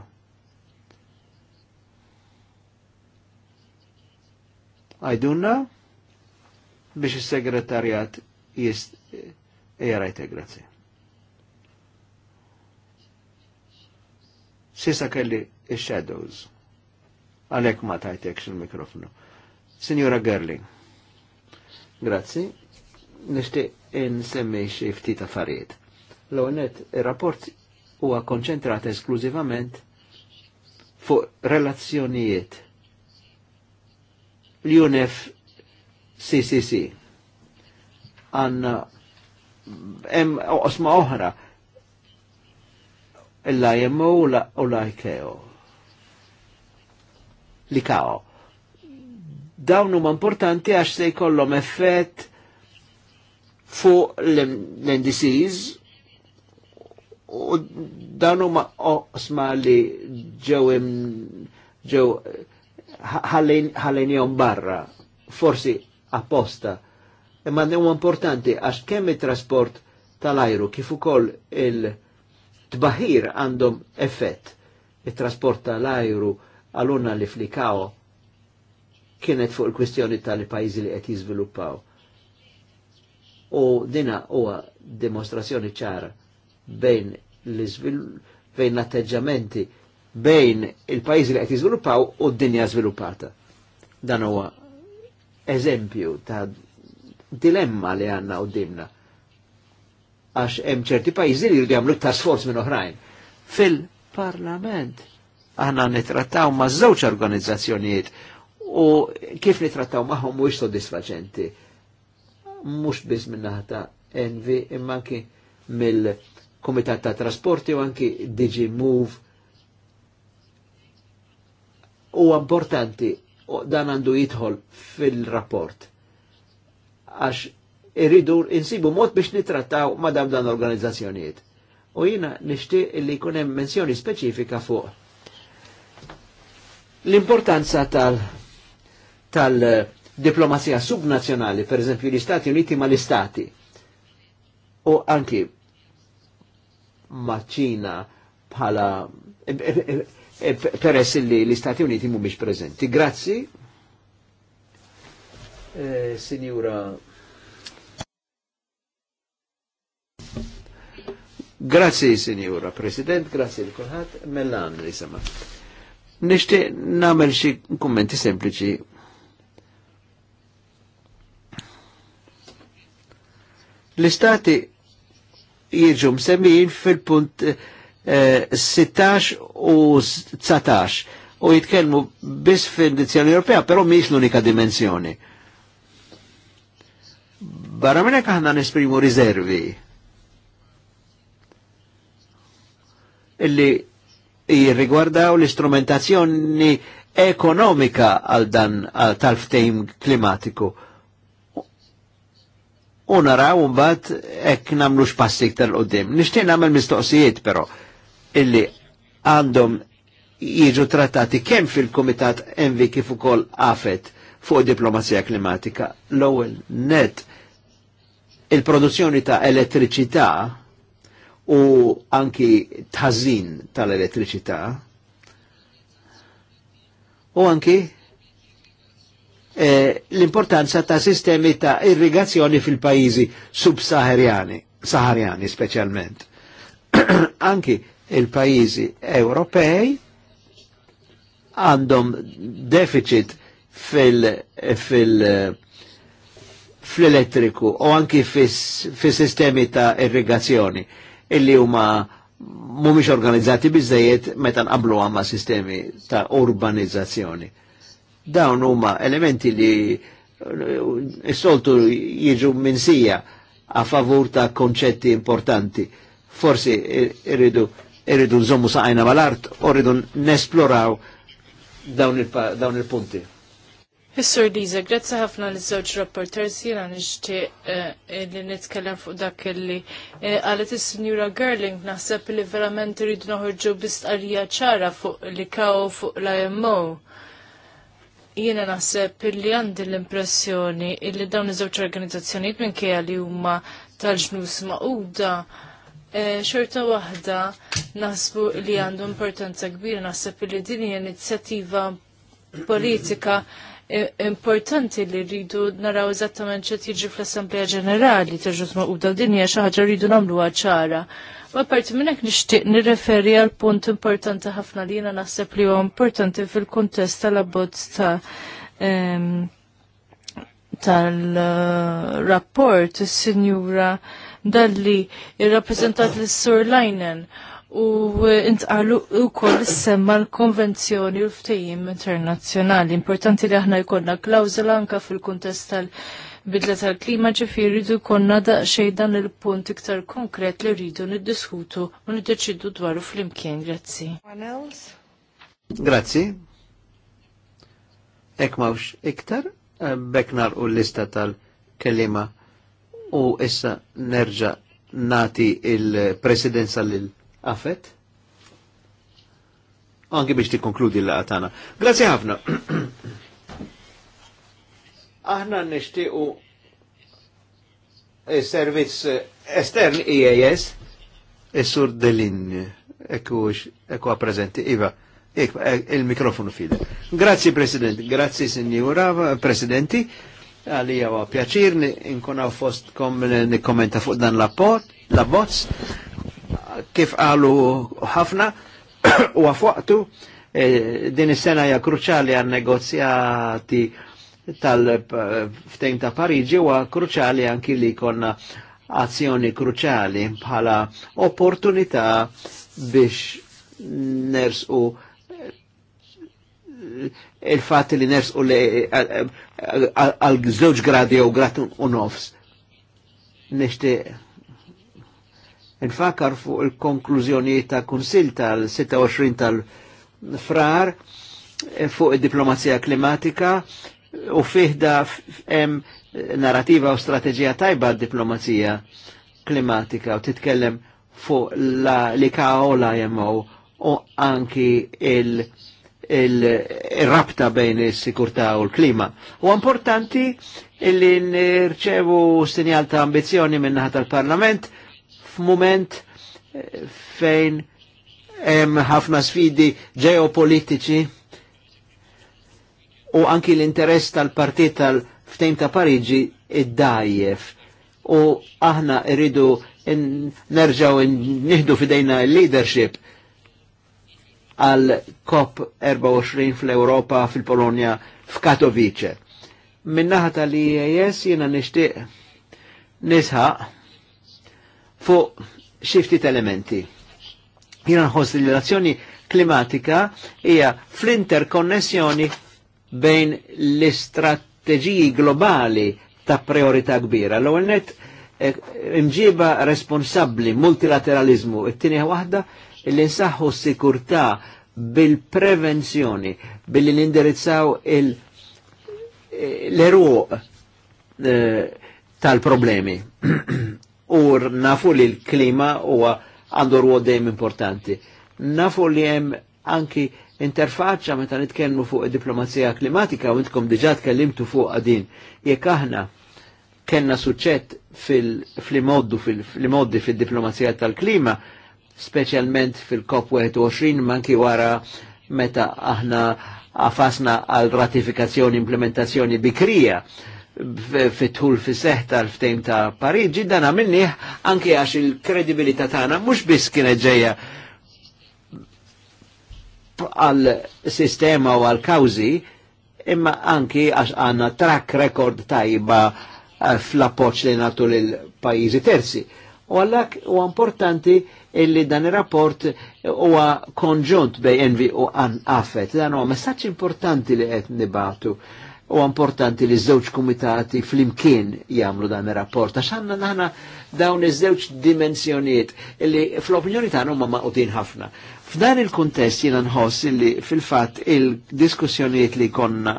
S3: Għajdunna biex il-segretarjat jist eh, jarajte grazzi. Sisa kelli il-shadows. Għalek ma tajtek il-mikrofonu. Signora Gerling. Grazzi. in insemmi xie ftit affarijiet. L-għonet, il-rapport huwa konċentrata esklużivament fuq relazzjonijiet. L-UNF CCC għanna hemm osma oħra l-IMO u l-IKO. L-IKO. Dawn huma importanti għax se jkollhom effett fuq l-NDCs U dan huma oqsma li ġew ġew ħallinjhom barra, forsi apposta. Imma e huwa importanti għax kemm it-trasport tal-ajru kif ukoll il-tbaħir għandhom effett. It-trasport tal-ajru għalunna li flikaw kienet fuq il-kwistjoni tal-pajjiżi li qed jiżviluppaw. U dina huwa dimostrazzjoni ċara bejn bejn l-atteġġamenti bejn il-pajjiżi li qed jiżviluppaw u d-dinja żviluppata. Dan huwa eżempju ta' dilemma li għandna dimna. għax hemm ċerti pajjiżi li għamlu ta' sforz minn oħrajn. Fil-Parlament aħna nitrattaw ma' żewġ organizzazzjonijiet u kif nitrattaw magħhom mhux soddisfaċenti. Mhux biss minn naħta envi imma mill- Komitat ta' Trasporti u anki Digi Move u importanti dan għandu jidħol fil-rapport. Għax irridu insibu mod biex nitrattaw madam dan organizzazzjonijiet. U jina nishti li kunem menzjoni speċifika fuq l-importanza tal- tal-diplomazija subnazjonali, per esempio, l-Istati Uniti ma l-Istati, O anki maċina bħala e, e, e, peress li l-Istati Uniti mhumiex prezenti. Grazzi. Signora Grazzi, Signora President, grazzi li kolħat, mellan li sema. Nishti namel xi kommenti sempliċi. L-Istati jirġu msemmin fil-punt 16 eh, u 19 u jitkelmu bis fil-dizzjoni Ewropea, pero miex l-unika dimensjoni. Barra minna kħanna nesprimu rizervi illi jirrigwardaw l-istrumentazzjoni ekonomika għal dan tal-ftejm klimatiku u naraw mbagħad hekk nagħmlu x'passi iktar qudiem. Nixtieq nagħmel mistoqsijiet però illi għandhom jiġu trattati kemm fil-Kumitat Envi kif ukoll għafet fuq diplomazija klimatika. L-ewwel net il-produzzjoni ta' elettriċità u anki tħażin tal-elettriċità u anki Eh, l-importanza ta' sistemi ta' irrigazzjoni fil-pajizi subsaharjani, saharjani specialment. Anki il-pajizi Ewropej għandhom deficit fil-elettriku fil, fil o anki fil-sistemi ta' irrigazzjoni illi huma mumiex organizzati bizzejiet meta qablu għamma sistemi ta' urbanizzazzjoni Dawn huma elementi li eh, s-soltu jiġu minsija a favur ta' konċetti importanti. Forsi eh, irridu irridu nżommu saqajna mal-art u rridu nesploraw dawn il-punti.
S2: Fissur sur Liza, grazzi ħafna l żewġ rapporters jiena nixtieq eh, li nitkellem fuq dak li qalet is-Sinjura Gerling naħseb li verament rridu noħorġu bistqarrija ċara fuq li kaw fuq l-IMO jiena naħseb illi għandi l-impressjoni illi dawn iż-żewġ organizzazzjonijiet minkejja li huma tal-ġnus maquda e, xorta waħda naħsbu li għandu importanza kbira naħseb illi din hija inizjattiva politika importanti li rridu naraw eżattament ċet jiġi fl assemblea Ġenerali terġus ma' din hija xi ħaġa rridu nagħmluha ċara. Ma parti minnek nishtiq nirreferi għal punt importanti ħafna li jena naħseb li huwa importanti fil-kuntest tal-abbozz ta' tal-rapport is-sinjura dalli il-rappresentat l sur Lajnen u eh, intqalu u koll semma l-konvenzjoni u ftejim internazzjonali. Importanti li aħna jkollna klawzula anka fil-kuntest tal-bidla tal-klima ġifiri du konna da dan il-punt iktar konkret li rridu niddiskutu u niddeċidu dwaru fl-imkien. Grazzi.
S3: Grazzi. Ek mawx iktar, eh, beknar u l-lista tal-kelima u issa nerġa nati il-presidenza lil Afet? Oh, anki biex ti konkludi l-laqa tagħna. Grazzi ħafna. Aħna nixtiequ eh, servizz eh, estern IAS e is-sur eh, Delin ekkux ekku prezenti iva. Il-mikrofonu fide. Grazzi President, grazzi Signora Presidenti, għalija wa pjaċir, inkunaw fost kom nikkommenta fuq dan la bozz, kif għalu ħafna u għafuqtu e, din is-sena hija kruċali għan negozjati tal-ftejn ta' Pariġi u kruċali anki li konna azzjoni kruċali bħala opportunità biex ners u il-fat li li għal żewġ gradi u gratu u nofs. Nishtiq Infakar fuq il-konklużjoni ta' kunsil tal-26 tal-frar eh, fuq il-diplomazija klimatika u fiħda hemm narrativa u strategija tajba diplomazija klimatika u titkellem fuq la li kaola jemmow u anki il- il-rabta bejn is-sikurtà u l-klima. U importanti illi nirċevu sinjal ta' ambizjoni minnaħat tal-Parlament f'mument eh, fejn hemm ħafna sfidi ġeopolitiċi u anki l-interess tal-partit tal ftejn ta' Pariġi id-dajjef. U aħna irridu nerġaw nihdu fidejna l-leadership għal COP 24 fl-Europa fil-Polonja f'Katowice. Minnaħa tal ias jena nishtiq nisħaq fuq xiftit elementi. Jina nħos li l-azzjoni klimatika hija fl-interkonnessjoni bejn l-istrateġiji globali ta' priorità kbira. l net eh, imġiba responsabli multilateralizmu, it-tieni waħda li nsaħħu s-sikurtà bil-prevenzjoni, billi nindirizzaw eh, l-eruq eh, tal-problemi. u nafu li l-klima huwa għandu ruol dejjem importanti. Nafu li hemm anki interfaċċa meta nitkellmu fuq diplomazija klimatika u intkom diġà tkellimtu fuq din. Jekk aħna kellna suċċett fil-moddu fil-moddi fil-diplomazija tal-klima, speċjalment fil-COP21 manki wara meta aħna għafasna għal ratifikazzjoni implementazzjoni bikrija fitħul fi seħ tal-ftejm ta' Pariġi, dan għamilniħ anki għax il-kredibilità tagħna mhux biss kienet ġejja għal sistema u għal kawzi, imma anki għax għanna track record tajba eh, fl-appoċ li natu l-pajizi terzi. U għallak u importanti illi dan il-rapport huwa konġunt bej envi u għan affet. Dan huwa messaċ importanti li qed nibatu u importanti li żewġ kumitati fl-imkien jagħmlu dan ir-rapport għax għandna naħna dawn iż-żewġ dimensjonijiet li fl-opinjoni tagħna huma maqudin ħafna. F'dan il-kuntest jiena nħoss li fil-fatt il-diskussjonijiet li konna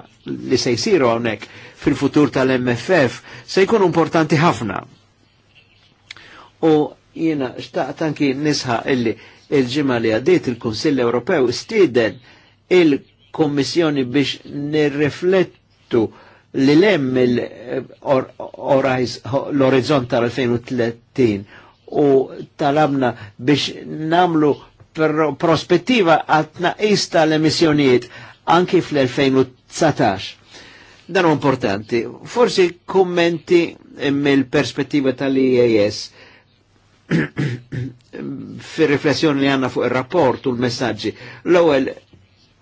S3: li se jsiru hawnhekk fil-futur tal-MFF se jkunu importanti ħafna. U jiena xtaqt anki nisħa illi il-ġimgħa li għaddiet il-Kunsill Ewropew stieden il-Kommissjoni biex nirrifletti permettu li lem eh, l-orizzont tal-2030 u talabna biex namlu prospettiva għatna ista l-emissjonijiet anki fl-2019. Dan importanti. Forsi kommenti mill-perspettiva tal-IAS fir riflessjoni li għanna fuq il-rapport u l-messagġi. L-ewel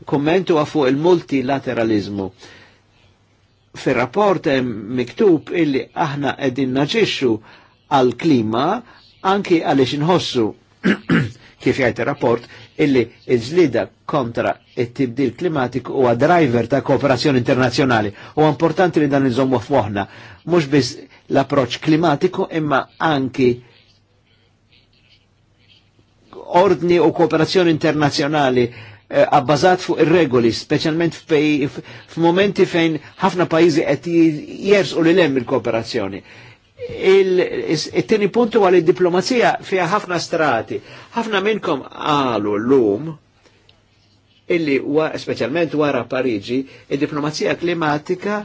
S3: kommentu fuq il-multilateralizmu. il multilateralizmu fil-rapport miktub illi aħna edin naġiċu għal-klima anki għalix nħossu kif jgħajt rapport illi iż-żlida kontra it-tibdil klimatiku huwa driver ta' kooperazzjoni internazzjonali. U importanti li dan iżommu f'moħħna, mhux biss l-approċċ klimatiku imma anki ordni u kooperazzjoni internazzjonali Eh, abbażat fuq ir-regoli, speċjalment f'momenti fejn ħafna pajjiżi qed jersqu li lem il-kooperazzjoni. Il-tieni punt huwa li diplomazija fiha ħafna strati. Ħafna minnkom qalu llum illi wa, speċjalment wara Pariġi, id-diplomazija klimatika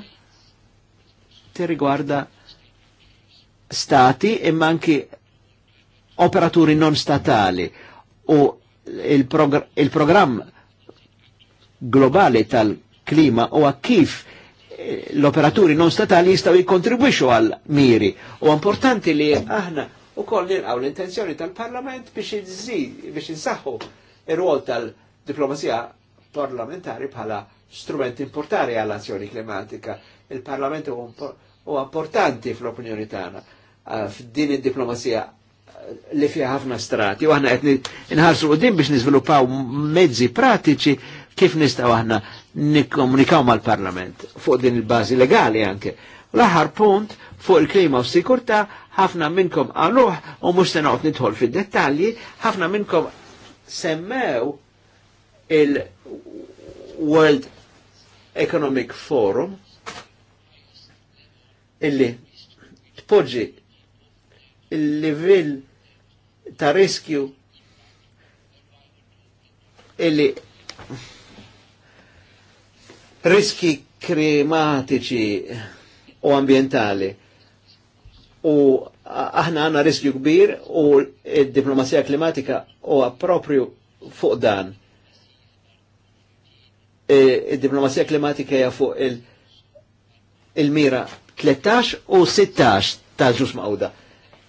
S3: tirrigwarda stati imma anki operaturi non statali u il-programm il globali tal-klima u kif eh, l-operaturi non statali jistaw jikontribuixu għal miri. U importanti li aħna u koll nirqaw l-intenzjoni tal-parlament biex biex nsaħħu ir ruol tal-diplomazija parlamentari bħala strument importanti għall azzjoni klimatika. Il-parlament u importanti fl-opinjoni tagħna eh, f'din id-diplomazija eh, li fiha ħafna strati u aħna qed inħarsu din biex niżviluppaw mezzi pratiċi kif nistaw aħna nikkomunikaw mal-Parlament fuq din il-bażi legali anke. L-aħħar punt fuq il-klima u sikurta ħafna minnkom għaluħ u mux se noqgħod nidħol fid-dettalji, ħafna minnkom semmew il-World Economic Forum illi tpoġġi il-livell ta' riskju illi riski klimatiċi u ambientali. U aħna għanna riskju kbir u il-diplomasija klimatika u propju fuq dan. E, il-diplomasija klimatika hija fuq il-mira il 13 u 16 tal-ġus mawda.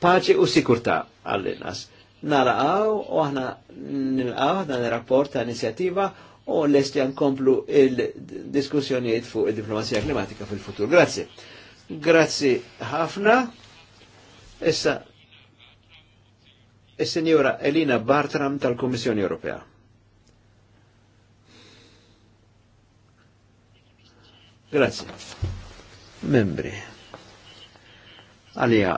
S3: Paċi u sikurta għall-inqas. Naraqaw u aħna nilqaw dan il-rapport ta' inizjattiva u l-esti nkomplu il-diskussjonijiet fuq il-diplomazija klimatika fil-futur. Grazie. Grazzi ħafna. Issa, il-Senjora Elina Bartram tal-Kommissjoni Ewropea. Grazie. Membri. Għalija,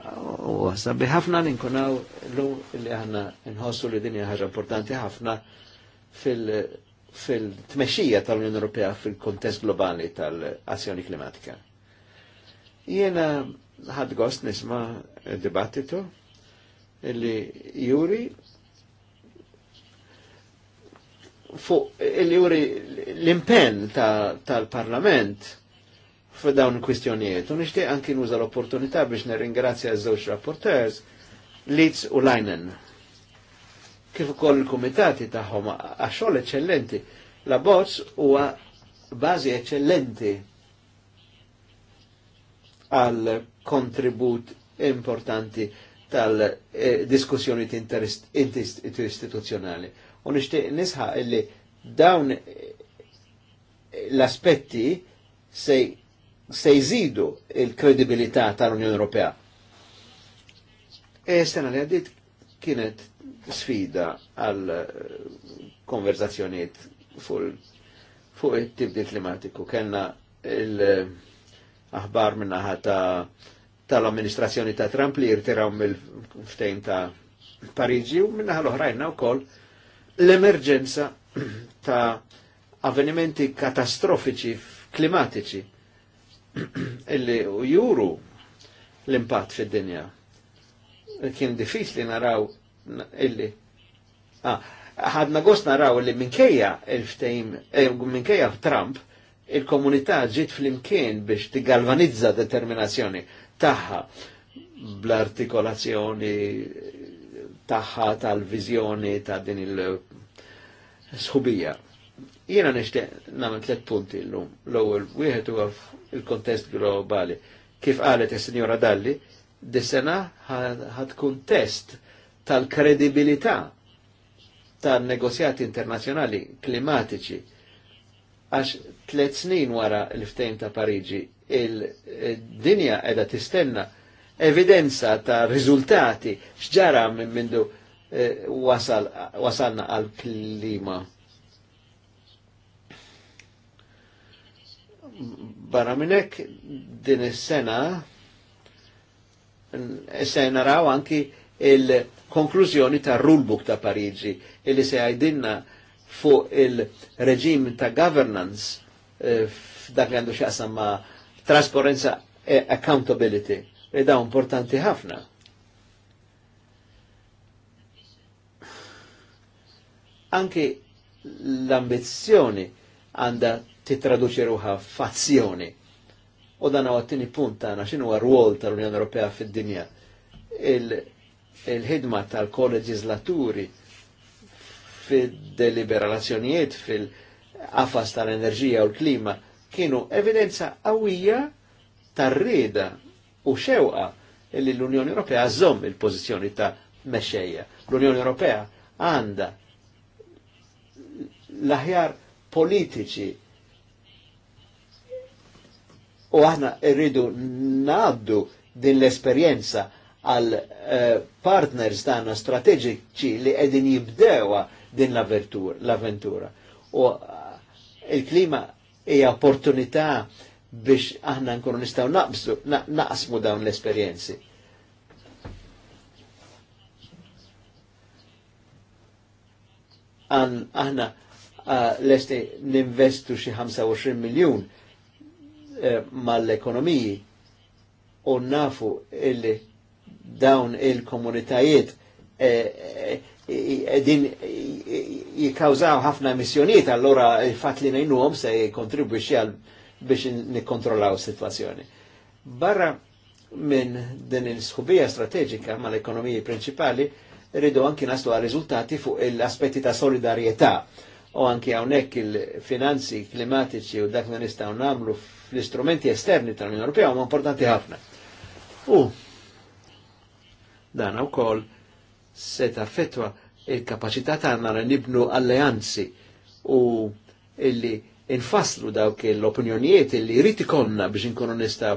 S3: u sabi ħafna ninkunaw l-lum li għanna nħossu li dinja ħaġa importanti ħafna fil- fil tmexija tal-Unjoni Ewropea fil-kontest globali tal-azzjoni klimatika. Jiena ħad gost nisma dibattitu illi juri fuq illi juri l-impenn tal-parlament ta f'dawn il-kwistjonijiet. U nixtieq anki nuża l-opportunità biex nirringrazzja ż-żewġ rapporteurs Litz u Leinen kif ukoll il-kumitati tagħhom għax-xogħol eċċellenti. La bozz huwa bażi eċċellenti għal kontribut importanti tal-diskussjoni istituzzjonali. U nixtieq nisħa illi dawn l-aspetti se jżidu il-kredibilità tal-Unjoni Ewropea. E sena li għaddit kienet sfida għal eh, konverzazzjoniet fuq it-tibdil klimatiku. Kenna l eh, aħbar minna ħata tal-amministrazzjoni ta' Trump li jirtiraw mill-ftejn ta' Parigi u minna ħal oħrajna u koll l-emerġenza ta' avvenimenti katastrofiċi klimatiċi illi juru l-impatt fid-dinja. Kien diffiċli naraw illi. Ah, ħadna gost naraw li minkejja il-ftejm, eh, minkejja Trump, il-komunità ġiet fl-imkien biex tigalvanizza determinazzjoni tagħha bl-artikolazzjoni tagħha tal vizjoni ta' din il-sħubija. Jiena nixtieq nagħmel tliet punti llum. L-ewwel wieħed huwa il-kontest globali. Kif qalet is-Sinjora Dalli, dis-sena ħad test tal-kredibilità tal-negozjati internazjonali klimatiċi. Għax tliet snin wara l-ftejn ta' Pariġi, il-dinja eh, edha tistenna evidenza ta' riżultati xġara minn mindu eh, wasal, wasalna għal-klima. Barra minnek din is-sena sena raw anki il-konklużjoni ta' rulebook ta' Pariġi illi se għajdinna fu il-reġim ta' governance eh, f'dak li għandu xaqsam ma' trasparenza e accountability. E da' importanti ħafna. Anki l ambizjoni għanda titraduċi ruħa f'azzjoni. U dan għattini punt għana xinu għar-rwol tal-Unjoni Ewropea fid-dinja il-ħidma tal-koreġizlaturi fil-deliberazzjonijiet fil-qafas tal-enerġija u l-klima kienu evidenza għawija tar-rieda u xewqa illi l-Unjoni Ewropea għazzom il pozizjoni ta' mexxejja. L-Unjoni Ewropea għanda l-aħjar politiċi u aħna rridu naddu din l-esperjenza għal eh, partners tagħna strateġiċi li qegħdin jibdewa din l-avventura. U eh, il-klima hija opportunità biex aħna nkunu nistgħu naqsmu dawn l-esperjenzi. Aħna eh, lesti ninvestu xi 25 miljun mal-ekonomiji u nafu illi dawn il-komunitajiet e, e, e, din jikawżaw ħafna missjoniet, allora il-fat li għom se jikontribuċi għal biex nikontrollaw situazzjoni. Barra minn din il-sħubija strategika ma l-ekonomiji principali rridu anki naslu għal riżultati fuq l-aspetti ta' solidarietà u anki hawnhekk il-finanzi klimatiċi u dak li nistgħu nagħmlu fl-istrumenti esterni tal-Unjoni Ewropea huma importanti ħafna. U Dan kol se fetwa il-kapaċità tagħna li nibnu alleanzi u illi infaslu dawk l-opinjonijiet illi jrid ikollna biex inkunu nistgħu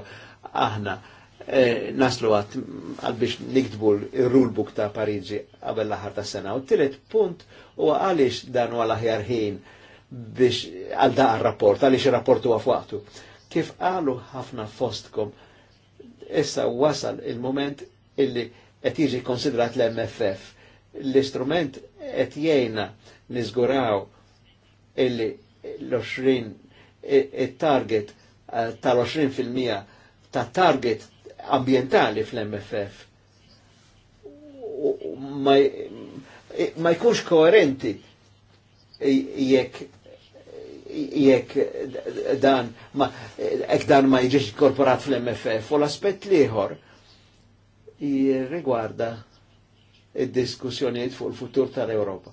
S3: aħna e, naslu għat għal biex nikdbu l rulebook ta' Parigi qabel l-aħħar ta' sena. U t-tielet punt huwa għaliex dan huwa l-aħjar ħin biex għal da' rapport għaliex ir-rapport huwa f'waqtu. Kif qalu ħafna fostkom, issa wasal il-moment illi et jiġi konsidrat l-MFF. L-istrument qed jgħinna nizguraw illi l-20 it-target eh, tal-20% ta' target ambientali fl-MFF ma jkunx koerenti jekk jekk dan ma jek dan ma jiġix korporat fl-MFF u l-aspett liħor jirrigwarda il-diskussjoniet fuq il-futur tal-Europa.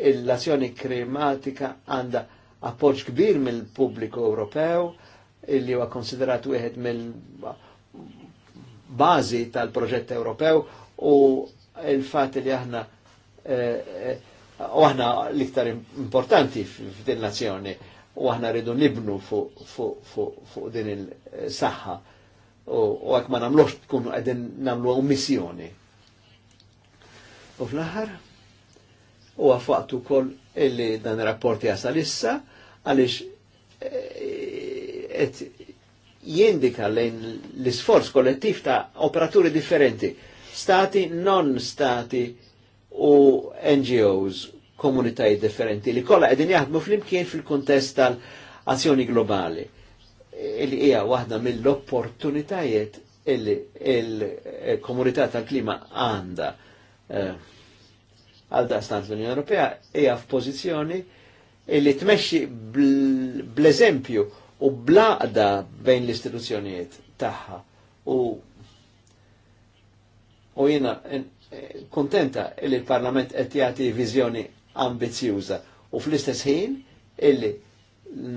S3: Il-azzjoni klimatika għanda appoġġ kbir mill-pubbliku Ewropew illi huwa konsiderat wieħed mill-bażi tal-proġett Ewropew u il-fatt li aħna eh, eh, u aħna l-iktar importanti f'din nazzjoni u aħna rridu nibnu fuq din il-saħħa u għak ma namlux tkun għedin namlu omissjoni. U fl-ħar, u għafaqtu kol illi dan rapporti għasalissa issa, għalix e, et jindika lejn l-isforz kollettiv ta' operaturi differenti, stati, non-stati u NGOs, komunitajiet differenti li kolla għedin jaħdmu fl-imkien fil-kontest tal-azzjoni globali li hija waħda mill-opportunitajiet illi il-komunità tal-klima għanda eh, għal daqstant l-Unjoni Ewropea hija f'pożizzjoni illi tmexxi bl-eżempju u blaqda bejn l-istituzzjonijiet tagħha u u jiena eh, kontenta illi l-Parlament qed jagħti viżjoni ambizjuża u fl-istess ħin illi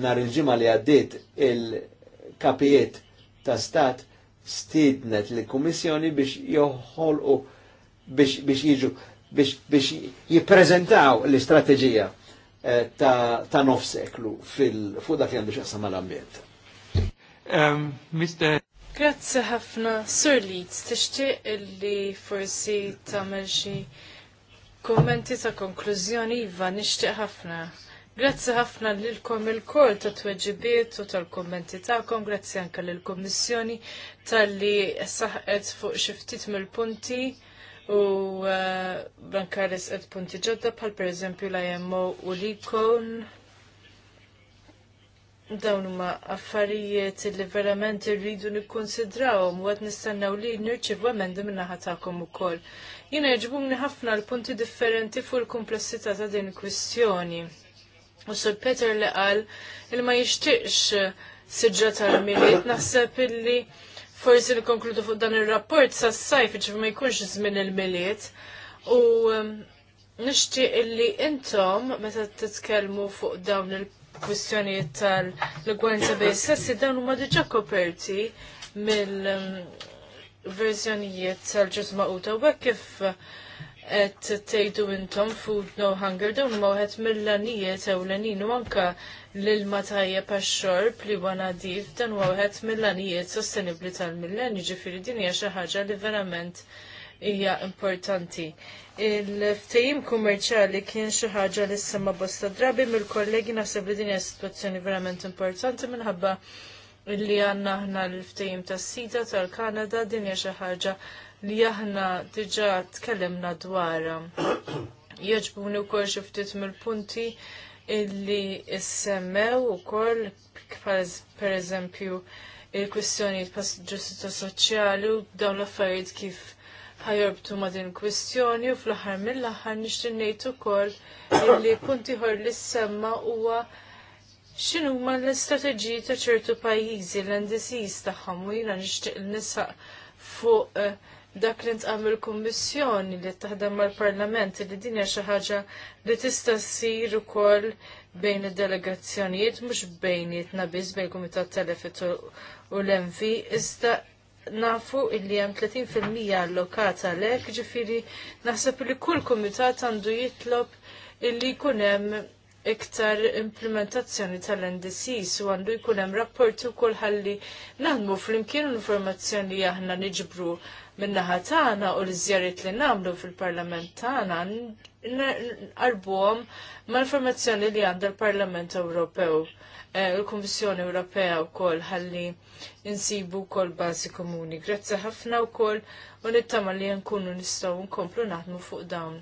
S3: nhar il-ġimgħa li għaddiet il- kapijiet ta' stat stidnet li kummissjoni biex joħolqu biex, biex jiġu biex, biex jiprezentaw l-istrateġija eh, ta', ta nofseklu fuq dak li għandu xaqsam mal-ambjent. Mr.
S2: Grazzi ħafna. Sir Leeds, tixtieq li forsi tagħmel xi kummenti ta' konklużjoni iva nixtieq ħafna. Grazzi ħafna lilkom il-kol ta' tweġibiet u tal-kommenti ta'kom, grazzi anka lil kommissjoni tal-li saħqet fuq xiftit mill-punti u eh, anka resqet punti ġodda bħal per eżempju la jemmo u l-ikon. Dawn huma affarijiet li verament irridu nikkonsidraw u qed nistennew li nirċivu emendi min-naħa tagħkom ukoll. Jina jġbumni ħafna l-punti differenti fuq il komplessità ta' din il-kwistjoni. U Sir Peter li qal il ma jixtieqx siġġa tal-miliet naħseb illi forsi li konkludu fuq dan ir-rapport sa s-sajf ġifi ma jkunx żmien il-miliet. U um, nixtieq illi intom meta titkellmu fuq dawn il-kwistjonijiet tal-gwenza bej sessi dawn huma diġà koperti mill um, verżjonijiet tal-ġuzma u kif qed tgħidu intom food no hunger dawn huma wħed mill-lanijiet ewlenin u anke l-ilma tajjeb għax-xorb li huwa nadif dan huwa wieħed mill-lanijiet sostenibbli tal millenju jiġifieri din hija xi ħaġa li verament hija importanti. Il-ftehim kummerċjali kien xi ħaġa li semma bosta drabi mill-kollegi naħseb li din hija sitwazzjoni verament importanti minħabba li għandna aħna l ftehim tas sida tal-Kanada din hija xi ħaġa li aħna diġa tkellimna dwarha. Jieġbuni u kol xiftit mill-punti illi issemmew u kol per eżempju il-kwistjoniet pas ġustizja soċjali u dawn l-affarijiet kif ħajorbtu ma din kwistjoni u fl-aħħar mill-aħħar nixtieq ngħid ukoll illi punti ħor li semma huwa x'inhu ma l-istrateġiji ta' ċertu pajjiżi l endisi tagħhom u jiena nixtieq nisaq fuq uh, dak li ntqam il-Kummissjoni li taħdem mal-Parlament li din hija xi ħaġa li tista' ssir ukoll bejn id-delegazzjonijiet mhux bejn bejnietna biss bejn kumitat Telefit u l-Envi iżda nafu illi hemm 30% allokata għalhekk ġifieri naħseb li kull kumitat għandu jitlob illi jkun hemm iktar implementazzjoni tal-NDCs u għandu jkun hemm rapporti wkoll ħalli naħdmu flimkien l-informazzjoni li aħna niġbru minnaħa tagħna u l-żjarit li nagħmlu fil-Parlament tagħna ma mal-informazzjoni li għandha l-Parlament Ewropew l kommissjoni Ewropea wkoll ħalli insibu wkoll bażi komuni. Grazzi ħafna wkoll u nittama li nkunu nistgħu nkomplu naħdmu fuq dawn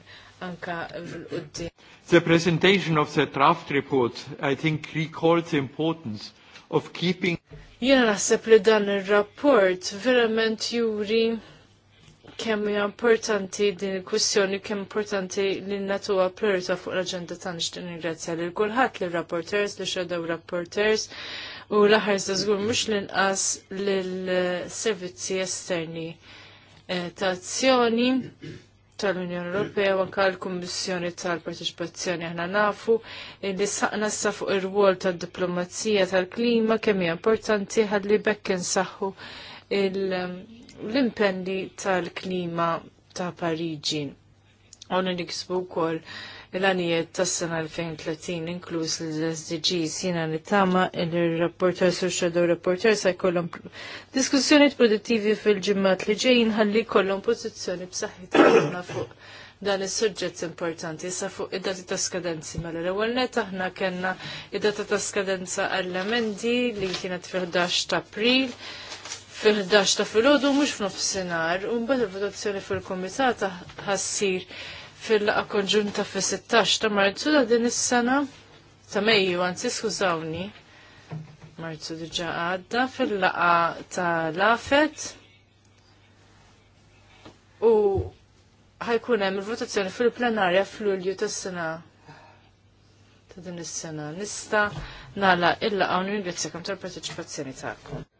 S2: anka fil-qudiem. The presentation of the draft report I think recalls the importance of keeping Jena naħseb li dan ir-rapport verament juri kemm hija importanti din il-kwistjoni kemm importanti li natuha priorità fuq l-aġenda ta' ingrazzja li lil kulħadd li rapporters li shadow rapporters u l-aħħar mux mhux l-inqas lill-servizzi eh, esterni eh, ta' azzjoni tal-Unjoni Ewropea u l-Kummissjoni tal-Parteċipazzjoni aħna nafu li saqna sa fuq ir-rwol tad-diplomazija tal-klima kemm hija importanti ħalli bekk insaħħu il- l-impendi tal-klima ta' Pariġi. Għonu niksbu kol l-għanijiet tas sena 2030 inkluż l-SDGs jina nittama il-rapporter social rapporter sa' kollom diskussjoni produttivi fil-ġimmat li ġejn ħalli kollom pozizjoni b'saħħitna fuq dan is suġġett importanti sa fuq id-dati ta' skadenzi mela l-ewwel net aħna kellna id-data ta' skadenza għall-emendi li kienet fil-11 ta' April fil-11 ta' filgħodu mhux f'nofsinhar u mbagħad il-votazzjoni fil komitata ħassir fil-laqa konġunta fis-16 ta' Marzu ta' din is-sena ta' Mejju anzi skużawni. Marzu diġà għadda fil-laqa ta' Lafet u ħajkun hemm il-votazzjoni fil-plenarja fl-Ulju tas-sena ta' din is-sena. Nista' nala il-laqgħa u tal-parteċipazzjoni tagħkom.